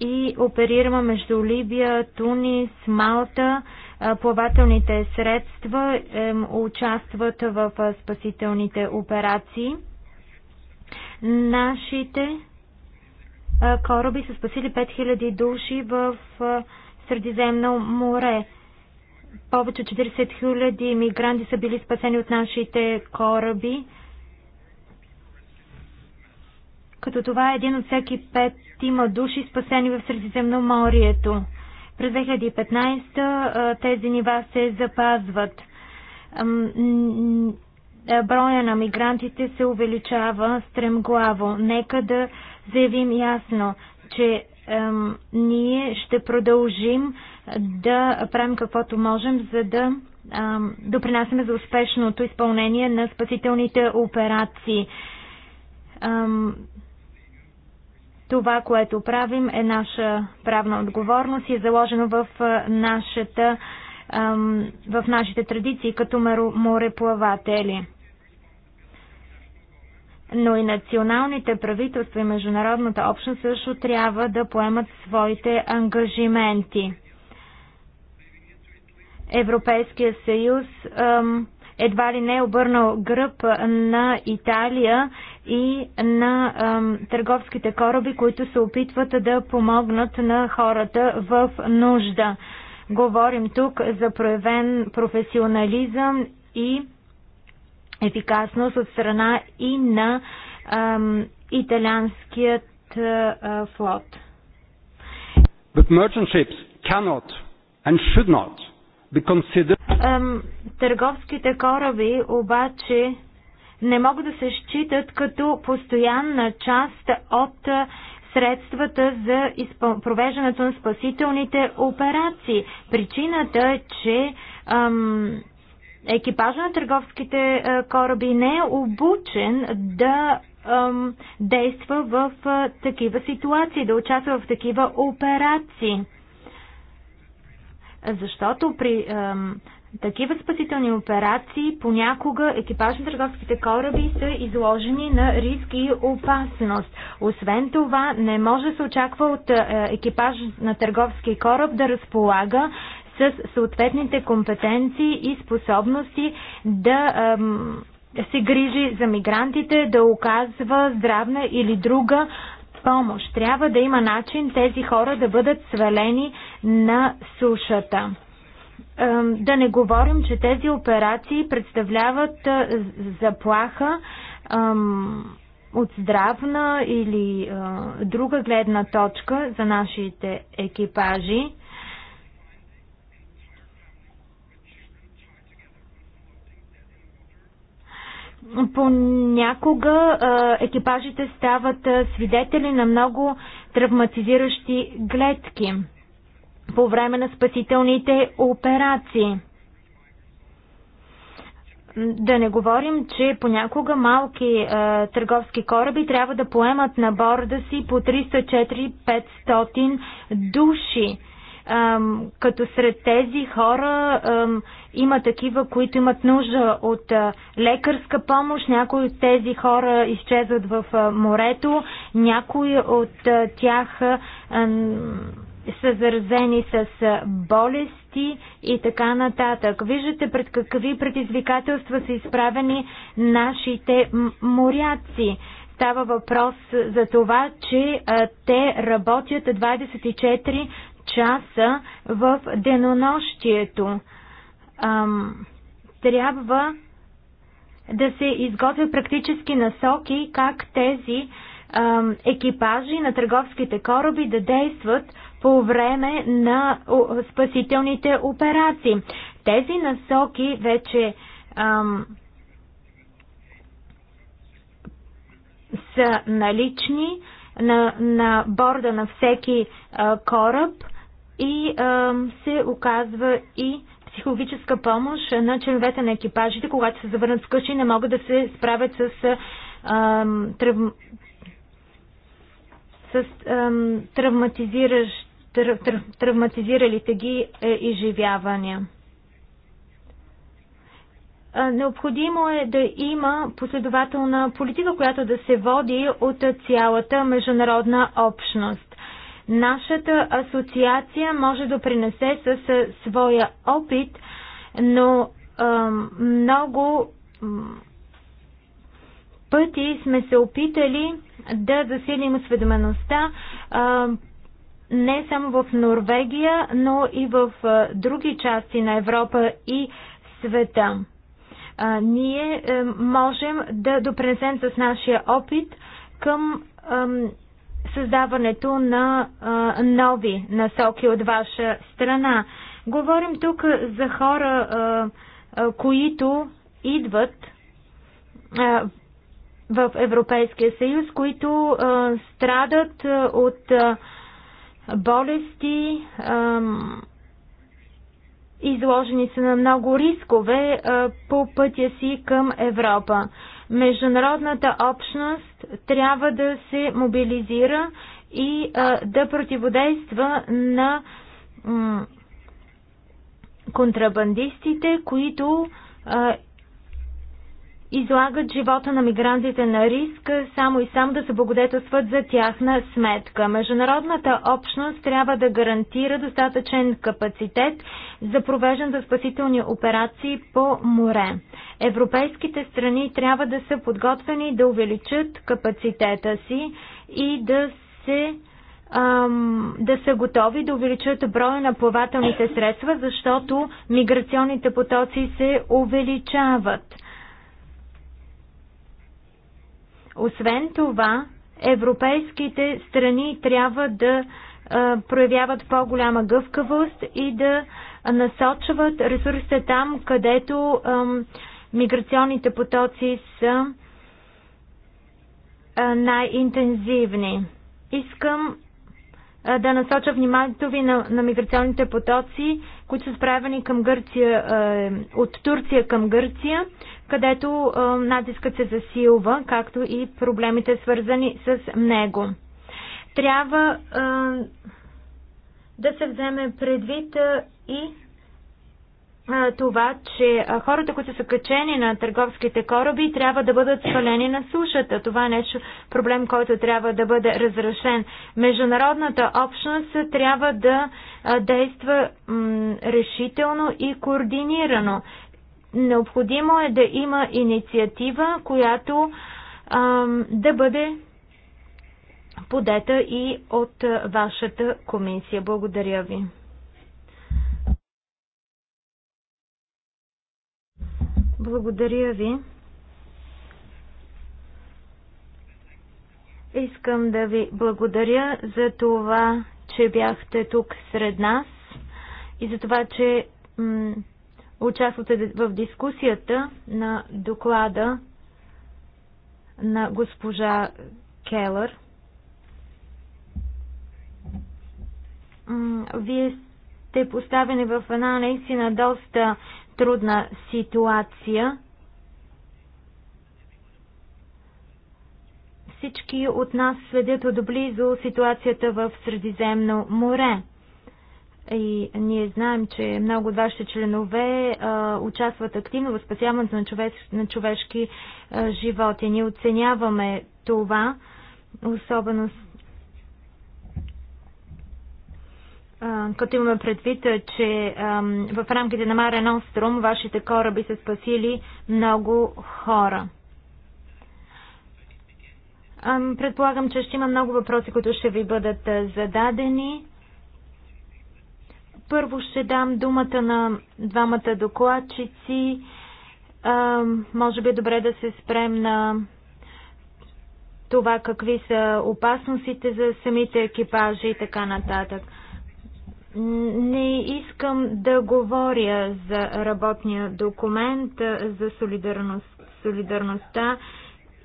и оперираме между Либия, Тунис, Малта. Плавателните средства ем, участват в спасителните операции. Нашите кораби са спасили 5000 души в Средиземно море. Повече 40 хиляди мигранти са били спасени от нашите кораби. Като това е един от всеки пет има души спасени в Средиземноморието. През 2015 тези нива се запазват. Броя на мигрантите се увеличава стремглаво. Нека да заявим ясно, че ние ще продължим да правим каквото можем, за да допринасяме за успешното изпълнение на спасителните операции. Това, което правим, е наша правна отговорност и е заложено в, нашата, в нашите традиции като мореплаватели. Но и националните правителства и международната общност също трябва да поемат своите ангажименти. Европейския съюз едва ли не е обърнал гръб на Италия и на търговските кораби, които се опитват да помогнат на хората в нужда. Говорим тук за проявен професионализъм и ефикасност от страна и на ам, италианският флот. But merchant ships cannot and should not Търговските кораби обаче не могат да се считат като постоянна част от средствата за провеждането на спасителните операции. Причината е, че ам, екипажа на търговските кораби не е обучен да ам, действа в такива ситуации, да участва в такива операции. Защото при ем, такива спасителни операции понякога екипаж на търговските кораби са изложени на риск и опасност. Освен това, не може да се очаква от е, екипаж на търговски кораб да разполага с съответните компетенции и способности да ем, се грижи за мигрантите, да оказва здравна или друга помощ. Трябва да има начин тези хора да бъдат свалени на сушата. Да не говорим, че тези операции представляват заплаха от здравна или друга гледна точка за нашите екипажи. Понякога екипажите стават свидетели на много травматизиращи гледки по време на спасителните операции. Да не говорим, че понякога малки е, търговски кораби трябва да поемат на борда си по 300-400-500 души като сред тези хора има такива, които имат нужда от лекарска помощ, някои от тези хора изчезват в морето, някои от тях са заразени с болести и така нататък. Виждате пред какви предизвикателства са изправени нашите моряци. Става въпрос за това, че а, те работят 24 часа в денонощието. Ам, трябва да се изготвят практически насоки как тези ам, екипажи на търговските кораби да действат по време на спасителните операции. Тези насоки вече ам, са налични на, на борда на всеки а, кораб и а, се оказва и психологическа помощ на членовете на екипажите, когато се завърнат вкъщи и не могат да се справят с, а, трав... с а, травматизиращ... трав... травматизиралите ги е, изживявания. Необходимо е да има последователна политика, която да се води от цялата международна общност. Нашата асоциация може да принесе със своя опит, но много пъти сме се опитали да засилим осведомеността не само в Норвегия, но и в други части на Европа и света. Ние можем да допринесем с нашия опит към създаването на а, нови насоки от ваша страна. Говорим тук за хора, а, а, които идват а, в Европейския съюз, които а, страдат а, от а, болести, а, изложени са на много рискове а, по пътя си към Европа. Международната общност трябва да се мобилизира и а, да противодейства на контрабандистите, които а, излагат живота на мигрантите на риск, само и сам да се благодетелстват за тяхна сметка. Международната общност трябва да гарантира достатъчен капацитет за провеждане за спасителни операции по море. Европейските страни трябва да са подготвени да увеличат капацитета си и да се да са готови да увеличат броя на плавателните средства, защото миграционните потоци се увеличават. Освен това, европейските страни трябва да проявяват по-голяма гъвкавост и да насочват ресурсите там, където ам, миграционните потоци са най-интензивни. Искам а, да насоча вниманието ви на, на миграционните потоци, които са справени към Гърция, а, от Турция към Гърция където натискът се засилва, както и проблемите свързани с него. Трябва да се вземе предвид и това, че хората, които са качени на търговските кораби, трябва да бъдат свалени на сушата. Това е нещо, проблем, който трябва да бъде разрешен. Международната общност трябва да действа решително и координирано. Необходимо е да има инициатива, която а, да бъде подета и от вашата комисия. Благодаря ви. Благодаря ви. Искам да ви благодаря за това, че бяхте тук сред нас и за това, че участвате в дискусията на доклада на госпожа Келър. Вие сте поставени в една наистина доста трудна ситуация. Всички от нас следят отблизо ситуацията в Средиземно море. И ние знаем, че много от вашите членове а, участват активно в спасяването на, човеш, на човешки а, животи. Ние оценяваме това, особено с, а, като имаме предвид, че а, в рамките на Маре Ностром вашите кораби са спасили много хора. А, предполагам, че ще има много въпроси, които ще ви бъдат зададени. Първо ще дам думата на двамата докладчици. А, може би е добре да се спрем на това какви са опасностите за самите екипажи и така нататък. Не искам да говоря за работния документ, за солидарност, солидарността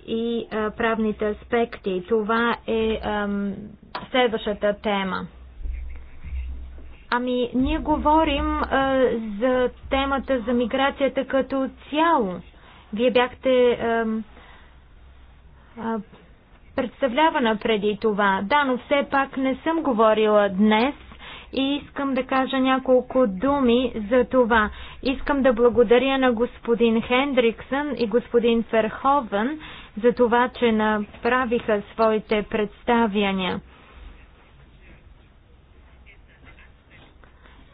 и а, правните аспекти. Това е а, следващата тема. Ами, ние говорим а, за темата за миграцията като цяло. Вие бяхте а, а, представлявана преди това. Да, но все пак не съм говорила днес и искам да кажа няколко думи за това. Искам да благодаря на господин Хендриксън и господин Ферховен за това, че направиха своите представяния.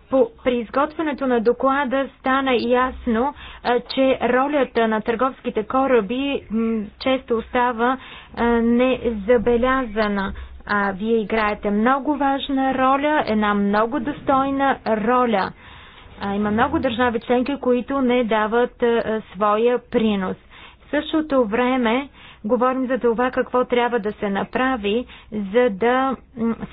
По, при изготвянето на доклада стана ясно, а, че ролята на търговските кораби м, често остава а, незабелязана. А, вие играете много важна роля, една много достойна роля. А, има много държави членки, които не дават а, своя принос. В същото време а, Говорим за това какво трябва да се направи, за да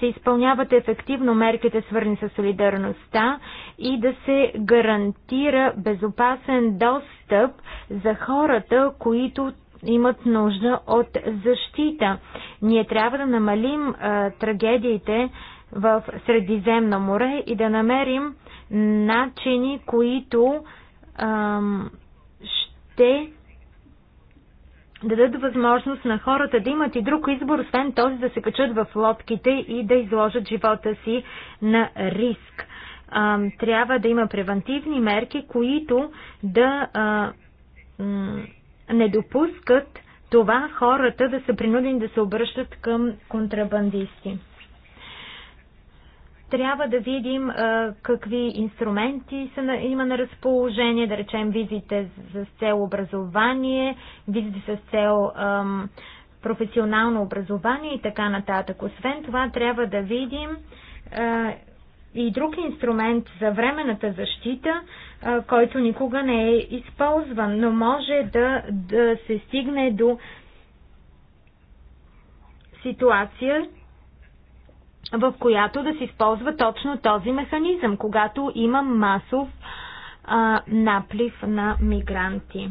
се изпълняват ефективно мерките свързани с солидарността и да се гарантира безопасен достъп за хората, които имат нужда от защита. Ние трябва да намалим а, трагедиите в Средиземно море и да намерим начини, които а, ще дадат възможност на хората да имат и друг избор, освен този да се качат в лодките и да изложат живота си на риск. Трябва да има превентивни мерки, които да не допускат това хората да са принудени да се обръщат към контрабандисти. Трябва да видим а, какви инструменти са на, има на разположение, да речем визите с цел образование, визите с цел ам, професионално образование и така нататък. Освен това, трябва да видим а, и друг инструмент за временната защита, а, който никога не е използван, но може да, да се стигне до ситуация, в която да се използва точно този механизъм, когато има масов а, наплив на мигранти.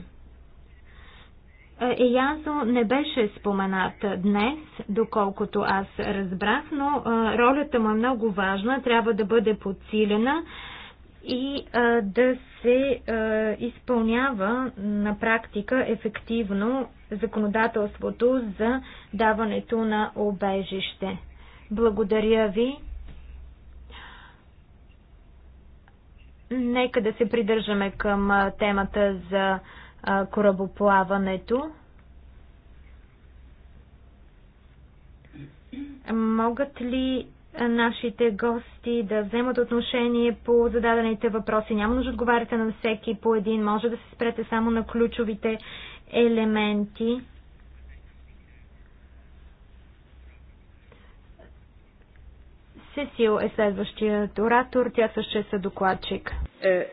Еязо не беше спомената днес, доколкото аз разбрах, но а, ролята му е много важна, трябва да бъде подсилена и а, да се а, изпълнява на практика ефективно законодателството за даването на обежище. Благодаря ви. Нека да се придържаме към темата за корабоплаването. Могат ли нашите гости да вземат отношение по зададените въпроси? Няма нужда отговаряте на всеки по един. Може да се спрете само на ключовите елементи. Сесил е следващият оратор. Тя също е съдокладчик. Е,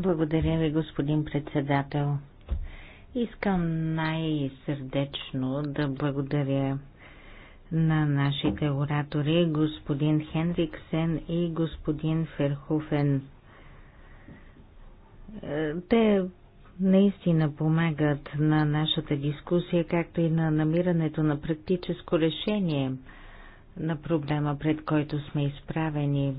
благодаря ви, господин председател. Искам най-сърдечно да благодаря на нашите оратори, господин Хенриксен и господин Ферхофен. Е, те наистина помагат на нашата дискусия, както и на намирането на практическо решение на проблема, пред който сме изправени.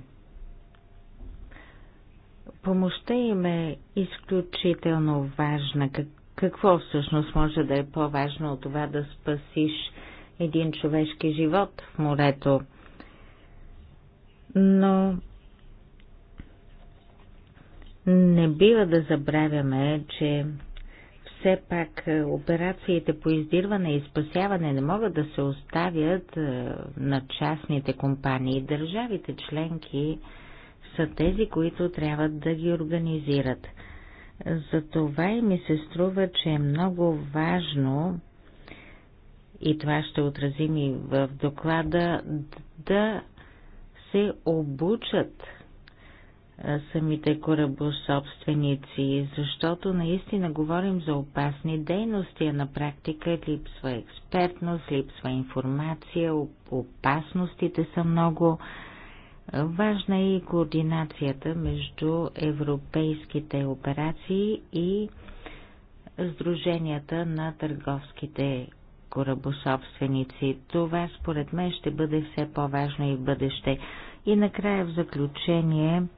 Помощта им е изключително важна. Какво всъщност може да е по-важно от това да спасиш един човешки живот в морето? Но не бива да забравяме, че все пак е, операциите по издирване и спасяване не могат да се оставят е, на частните компании. Държавите членки са тези, които трябва да ги организират. Затова и ми се струва, че е много важно, и това ще отразим и в доклада, да се обучат самите корабособственици, защото наистина говорим за опасни дейности, а на практика липсва експертност, липсва информация, опасностите са много. Важна е и координацията между европейските операции и сдруженията на търговските корабособственици. Това според мен ще бъде все по-важно и в бъдеще. И накрая в заключение –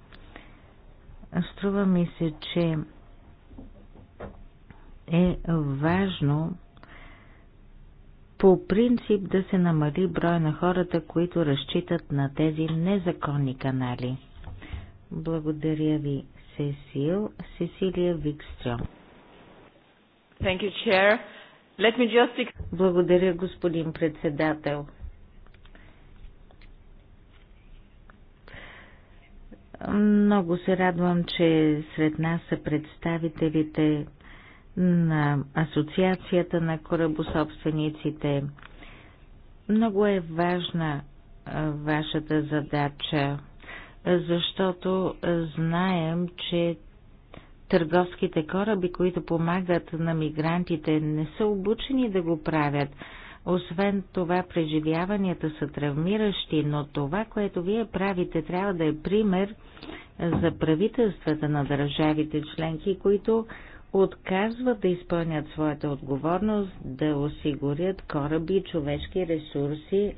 Струва ми се, че е важно по принцип да се намали броя на хората, които разчитат на тези незаконни канали. Благодаря ви, Сесил. Сесилия Викстрем. Благодаря, господин председател. Много се радвам, че сред нас са представителите на Асоциацията на корабособствениците. Много е важна вашата задача, защото знаем, че търговските кораби, които помагат на мигрантите, не са обучени да го правят – освен това, преживяванията са травмиращи, но това, което вие правите, трябва да е пример за правителствата на държавите членки, които отказват да изпълнят своята отговорност, да осигурят кораби, човешки ресурси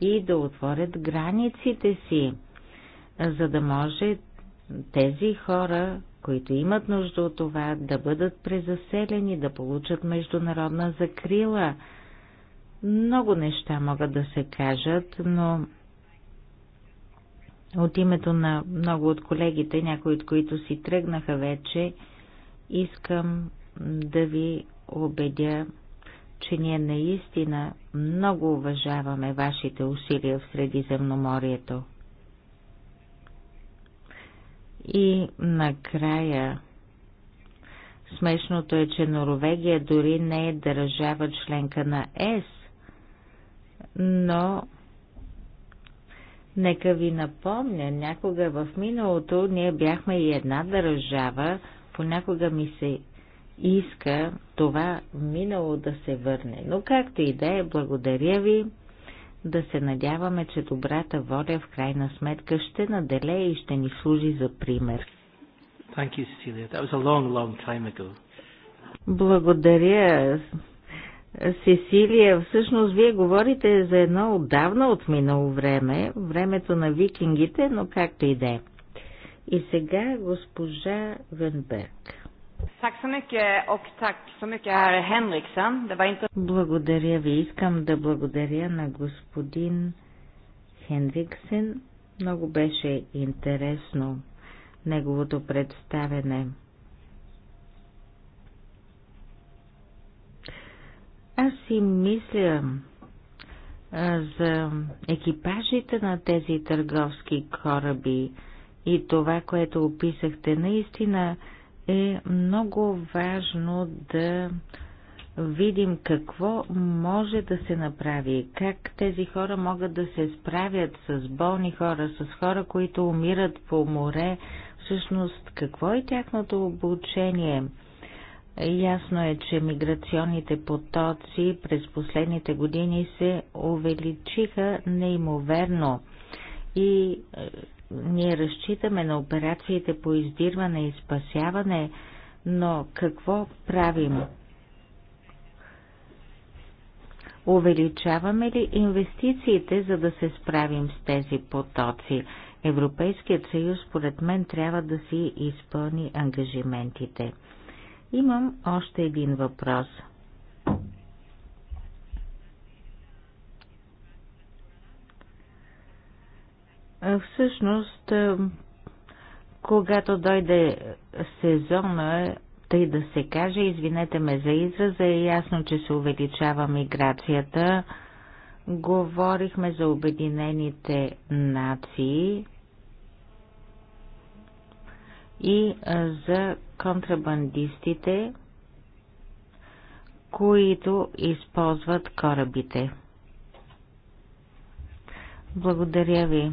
и да отворят границите си, за да може тези хора, които имат нужда от това, да бъдат презаселени, да получат международна закрила – много неща могат да се кажат, но от името на много от колегите, някои от които си тръгнаха вече, искам да ви убедя, че ние наистина много уважаваме вашите усилия в Средиземноморието. И накрая, смешното е, че Норвегия дори не е държава членка на ЕС, но нека ви напомня, някога в миналото ние бяхме и една държава, понякога ми се иска това минало да се върне. Но както и да е, благодаря ви да се надяваме, че добрата воля в крайна сметка ще наделее и ще ни служи за пример. Thank you, Cecilia. That was a long, long time ago. Благодаря. Сесилия, всъщност вие говорите за едно отдавна отминало време, времето на викингите, но както и да е. И сега госпожа Венберг. Благодаря ви. Искам да благодаря на господин Хендриксен. Много беше интересно неговото представене. си мисля за екипажите на тези търговски кораби и това, което описахте, наистина е много важно да видим какво може да се направи, как тези хора могат да се справят с болни хора, с хора, които умират по море, всъщност какво е тяхното обучение – Ясно е, че миграционните потоци през последните години се увеличиха неимоверно и е, ние разчитаме на операциите по издирване и спасяване, но какво правим? Увеличаваме ли инвестициите, за да се справим с тези потоци? Европейският съюз, според мен, трябва да си изпълни ангажиментите – Имам още един въпрос. Всъщност, когато дойде сезона, тъй да се каже, извинете ме за израза, е ясно, че се увеличава миграцията. Говорихме за Обединените нации и за контрабандистите, които използват корабите. Благодаря ви.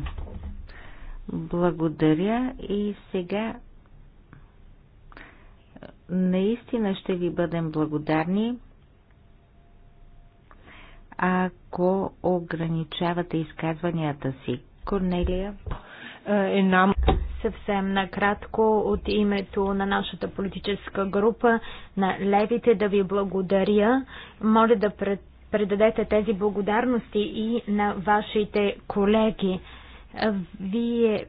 Благодаря и сега наистина ще ви бъдем благодарни, ако ограничавате изказванията си. Корнелия. Е, е нам съвсем накратко от името на нашата политическа група на левите да ви благодаря. Моля да предадете тези благодарности и на вашите колеги. Вие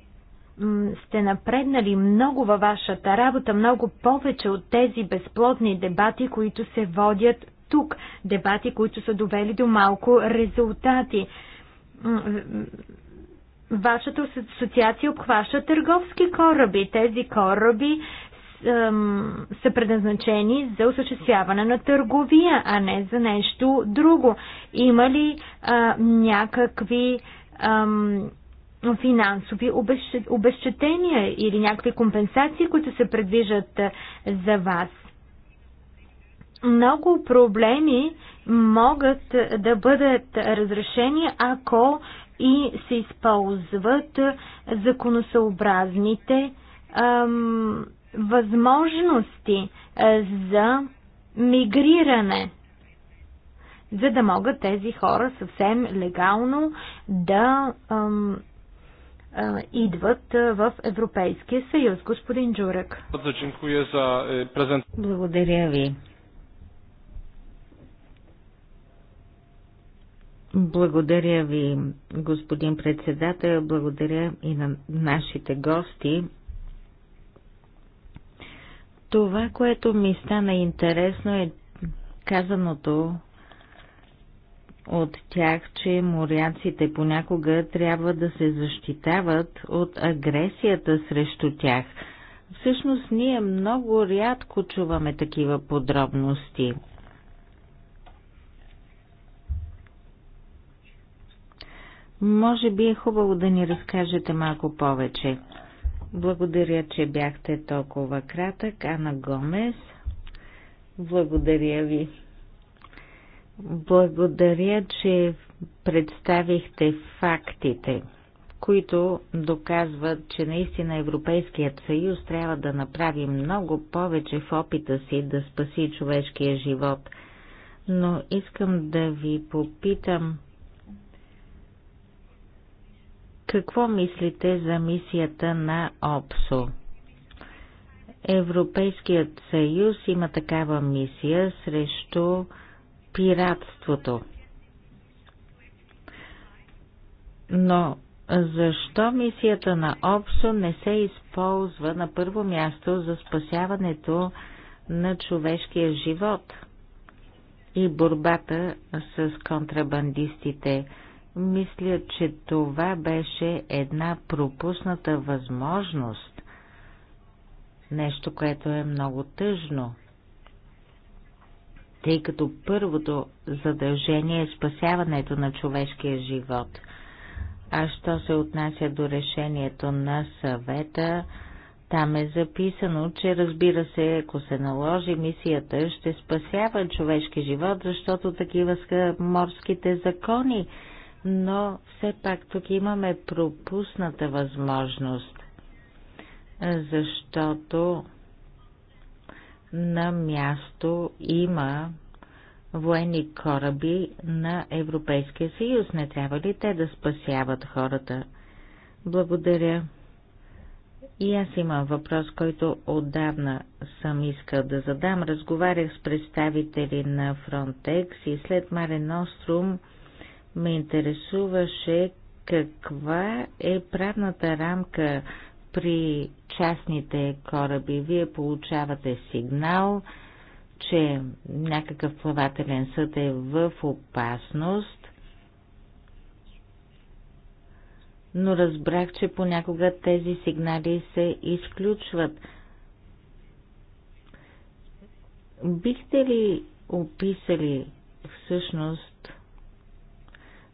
сте напреднали много във вашата работа, много повече от тези безплодни дебати, които се водят тук. Дебати, които са довели до малко резултати Вашата асоциация обхваща търговски кораби. Тези кораби са предназначени за осъществяване на търговия, а не за нещо друго. Има ли а, някакви ам, финансови обещетения или някакви компенсации, които се предвижат за вас? Много проблеми могат да бъдат разрешени, ако и се използват законосъобразните ам, възможности а, за мигриране, за да могат тези хора съвсем легално да ам, а, идват в Европейския съюз. Господин Джурек. Е, Благодаря ви. Благодаря ви, господин председател. Благодаря и на нашите гости. Това, което ми стана интересно е казаното от тях, че моряците понякога трябва да се защитават от агресията срещу тях. Всъщност ние много рядко чуваме такива подробности. Може би е хубаво да ни разкажете малко повече. Благодаря, че бяхте толкова кратък. Ана Гомес, благодаря ви. Благодаря, че представихте фактите, които доказват, че наистина Европейският съюз трябва да направи много повече в опита си да спаси човешкия живот. Но искам да ви попитам – какво мислите за мисията на ОПСО? Европейският съюз има такава мисия срещу пиратството. Но защо мисията на ОПСО не се използва на първо място за спасяването на човешкия живот и борбата с контрабандистите? Мисля, че това беше една пропусната възможност. Нещо, което е много тъжно. Тъй като първото задължение е спасяването на човешкия живот. А що се отнася до решението на съвета, там е записано, че разбира се, ако се наложи, мисията ще спасява човешки живот, защото такива са морските закони но все пак тук имаме пропусната възможност, защото на място има военни кораби на Европейския съюз. Не трябва ли те да спасяват хората? Благодаря. И аз имам въпрос, който отдавна съм искал да задам. Разговарях с представители на Frontex и след Маре Нострум ме интересуваше каква е правната рамка при частните кораби. Вие получавате сигнал, че някакъв плавателен съд е в опасност, но разбрах, че понякога тези сигнали се изключват. Бихте ли описали всъщност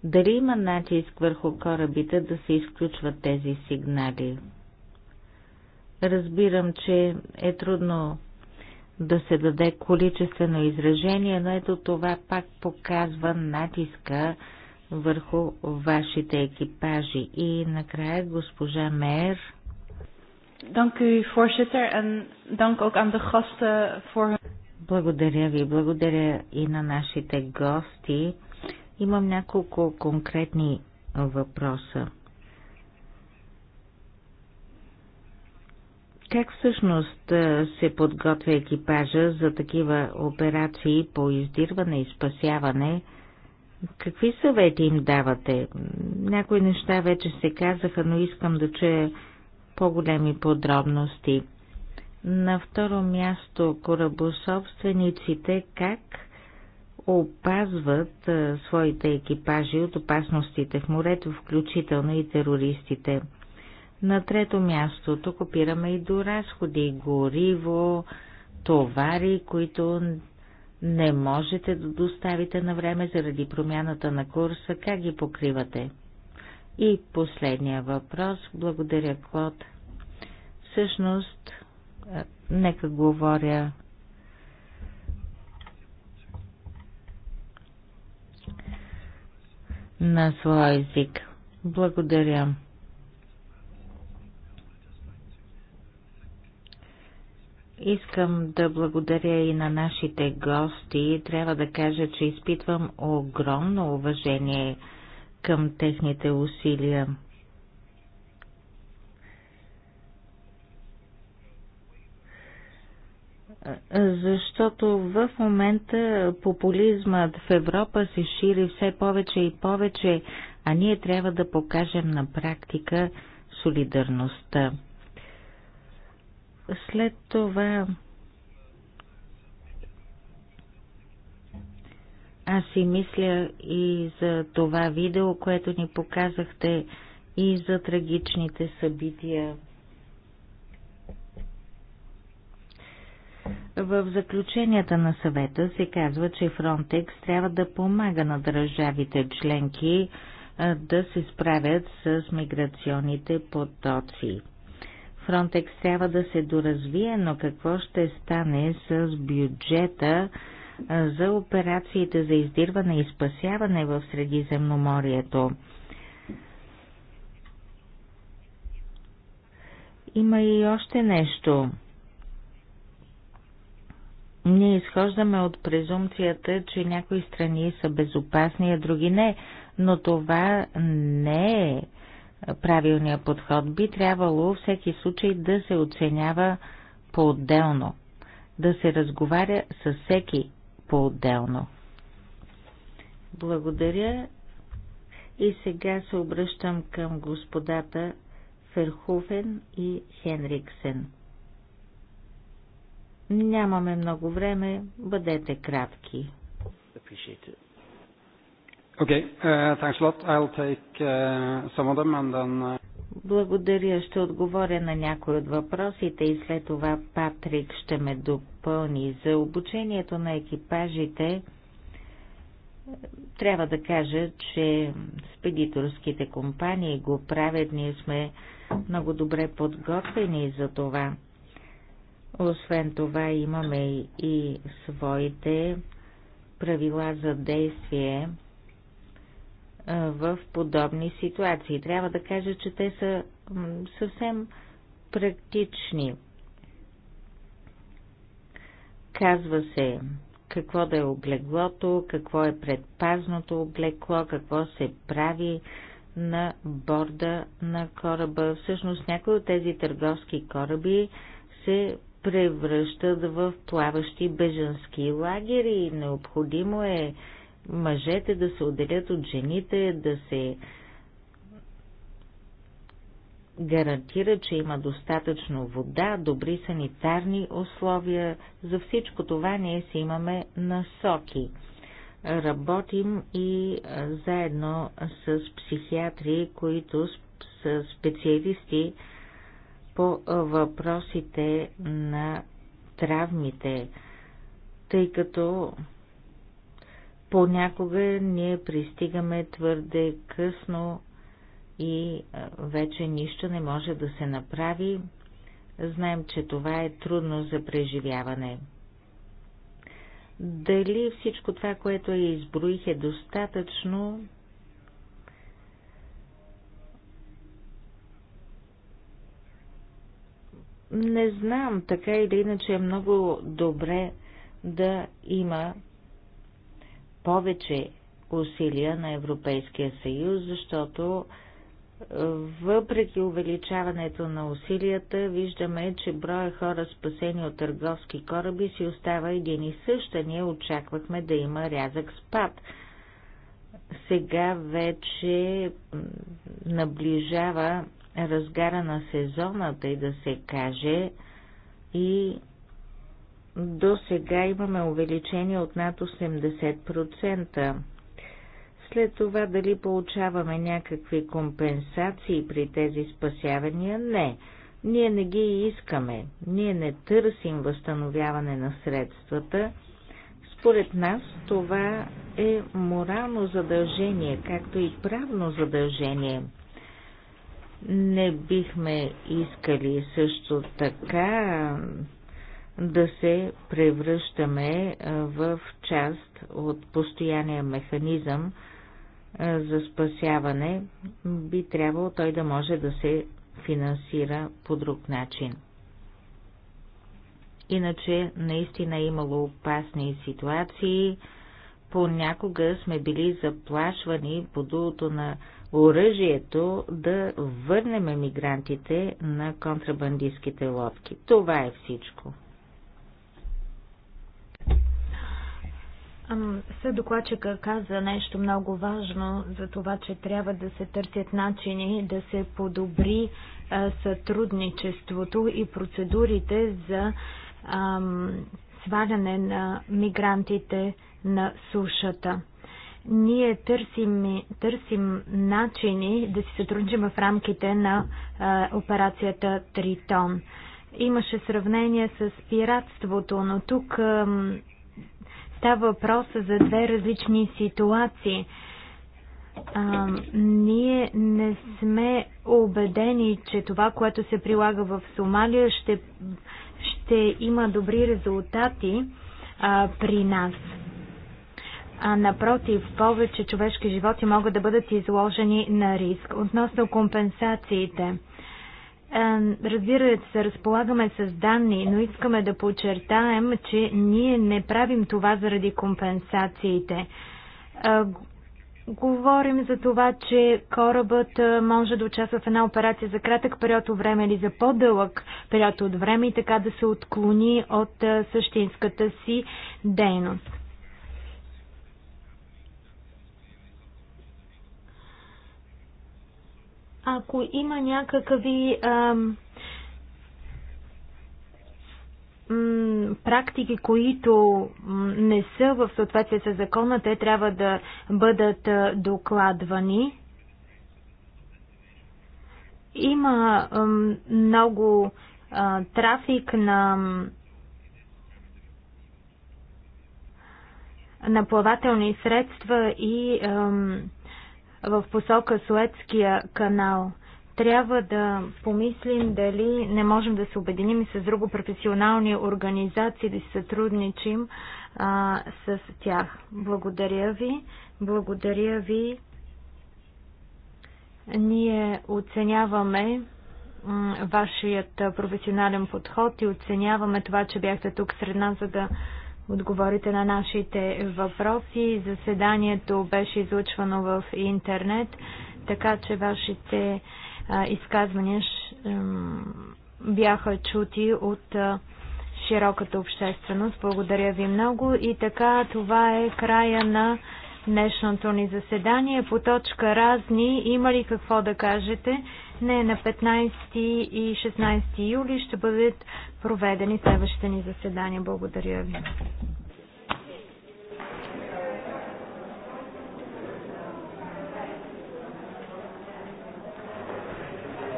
дали има натиск върху корабите да се изключват тези сигнали? Разбирам, че е трудно да се даде количествено изражение, но ето това пак показва натиска върху вашите екипажи. И накрая госпожа Мер. Dank u, voorzitter, en dank ook aan de gasten voor... Благодаря ви, благодаря и на нашите гости. Имам няколко конкретни въпроса. Как всъщност се подготвя екипажа за такива операции по издирване и спасяване? Какви съвети им давате? Някои неща вече се казаха, но искам да чуя по-големи подробности. На второ място, корабособствениците как опазват а, своите екипажи от опасностите в морето, включително и терористите. На трето място тук опираме и до разходи, гориво, товари, които не можете да доставите на време заради промяната на курса, как ги покривате? И последния въпрос, благодаря Клод. Всъщност, нека говоря на своя език. Благодаря. Искам да благодаря и на нашите гости. Трябва да кажа, че изпитвам огромно уважение към техните усилия. защото в момента популизмът в Европа се шири все повече и повече, а ние трябва да покажем на практика солидарността. След това аз си мисля и за това видео, което ни показахте, и за трагичните събития В заключенията на съвета се казва, че Frontex трябва да помага на държавите членки да се справят с миграционните потоци. Frontex трябва да се доразвие, но какво ще стане с бюджета за операциите за издирване и спасяване в Средиземноморието? Има и още нещо – ние изхождаме от презумцията, че някои страни са безопасни, а други не, но това не е правилния подход. Би трябвало всеки случай да се оценява по-отделно, да се разговаря с всеки по-отделно. Благодаря и сега се обръщам към господата Ферхуфен и Хенриксен. Нямаме много време, бъдете кратки. Okay, uh, thanks a lot. I'll take uh, some of them and then... Uh... Благодаря. Ще отговоря на някои от въпросите и след това Патрик ще ме допълни. За обучението на екипажите трябва да кажа, че спедиторските компании го правят. Ние сме много добре подготвени за това. Освен това имаме и своите правила за действие в подобни ситуации. Трябва да кажа, че те са съвсем практични. Казва се какво да е облеглото, какво е предпазното облекло, какво се прави на борда на кораба. Всъщност някои от тези търговски кораби се превръщат в плаващи бежански лагери. Необходимо е мъжете да се отделят от жените, да се гарантира, че има достатъчно вода, добри санитарни условия. За всичко това ние си имаме насоки. Работим и заедно с психиатри, които са специалисти по въпросите на травмите, тъй като понякога ние пристигаме твърде късно и вече нищо не може да се направи. Знаем, че това е трудно за преживяване. Дали всичко това, което я изброих е достатъчно, Не знам, така или иначе е много добре да има повече усилия на Европейския съюз, защото е, въпреки увеличаването на усилията, виждаме, че броя хора спасени от търговски кораби си остава един и съща. Ние очаквахме да има рязък спад. Сега вече наближава разгара на сезоната, и да се каже, и до сега имаме увеличение от над 80%. След това дали получаваме някакви компенсации при тези спасявания? Не. Ние не ги искаме. Ние не търсим възстановяване на средствата. Според нас това е морално задължение, както и правно задължение – не бихме искали също така да се превръщаме в част от постоянния механизъм за спасяване. Би трябвало той да може да се финансира по друг начин. Иначе наистина е имало опасни ситуации. Понякога сме били заплашвани по дулото на оръжието да върнем мигрантите на контрабандистските лодки. Това е всичко. Съдокладчика каза нещо много важно за това, че трябва да се търсят начини да се подобри сътрудничеството и процедурите за сваляне на мигрантите на сушата. Ние търсим, търсим начини да си сътрудничим в рамките на а, операцията Тритон. Имаше сравнение с пиратството, но тук а, става въпрос за две различни ситуации. А, ние не сме убедени, че това, което се прилага в Сомалия, ще, ще има добри резултати а, при нас а напротив, повече човешки животи могат да бъдат изложени на риск. Относно компенсациите, разбира се, разполагаме с данни, но искаме да подчертаем, че ние не правим това заради компенсациите. Говорим за това, че корабът може да участва в една операция за кратък период от време или за по-дълъг период от време и така да се отклони от същинската си дейност. Ако има някакви ам, практики, които не са в съответствие с закона, те трябва да бъдат докладвани. Има много трафик на на плавателни средства и ам, в посока Суетския канал. Трябва да помислим дали не можем да се обединим с друго професионални организации, да сътрудничим а, с тях. Благодаря ви. Благодаря ви. Ние оценяваме вашият професионален подход и оценяваме това, че бяхте тук сред нас, за да отговорите на нашите въпроси. Заседанието беше излъчвано в интернет, така че вашите изказвания бяха чути от широката общественост. Благодаря ви много и така това е края на днешното ни заседание. По точка разни има ли какво да кажете? Не, на 15 и 16 юли ще бъдат проведени следващите ни заседания. Благодаря ви.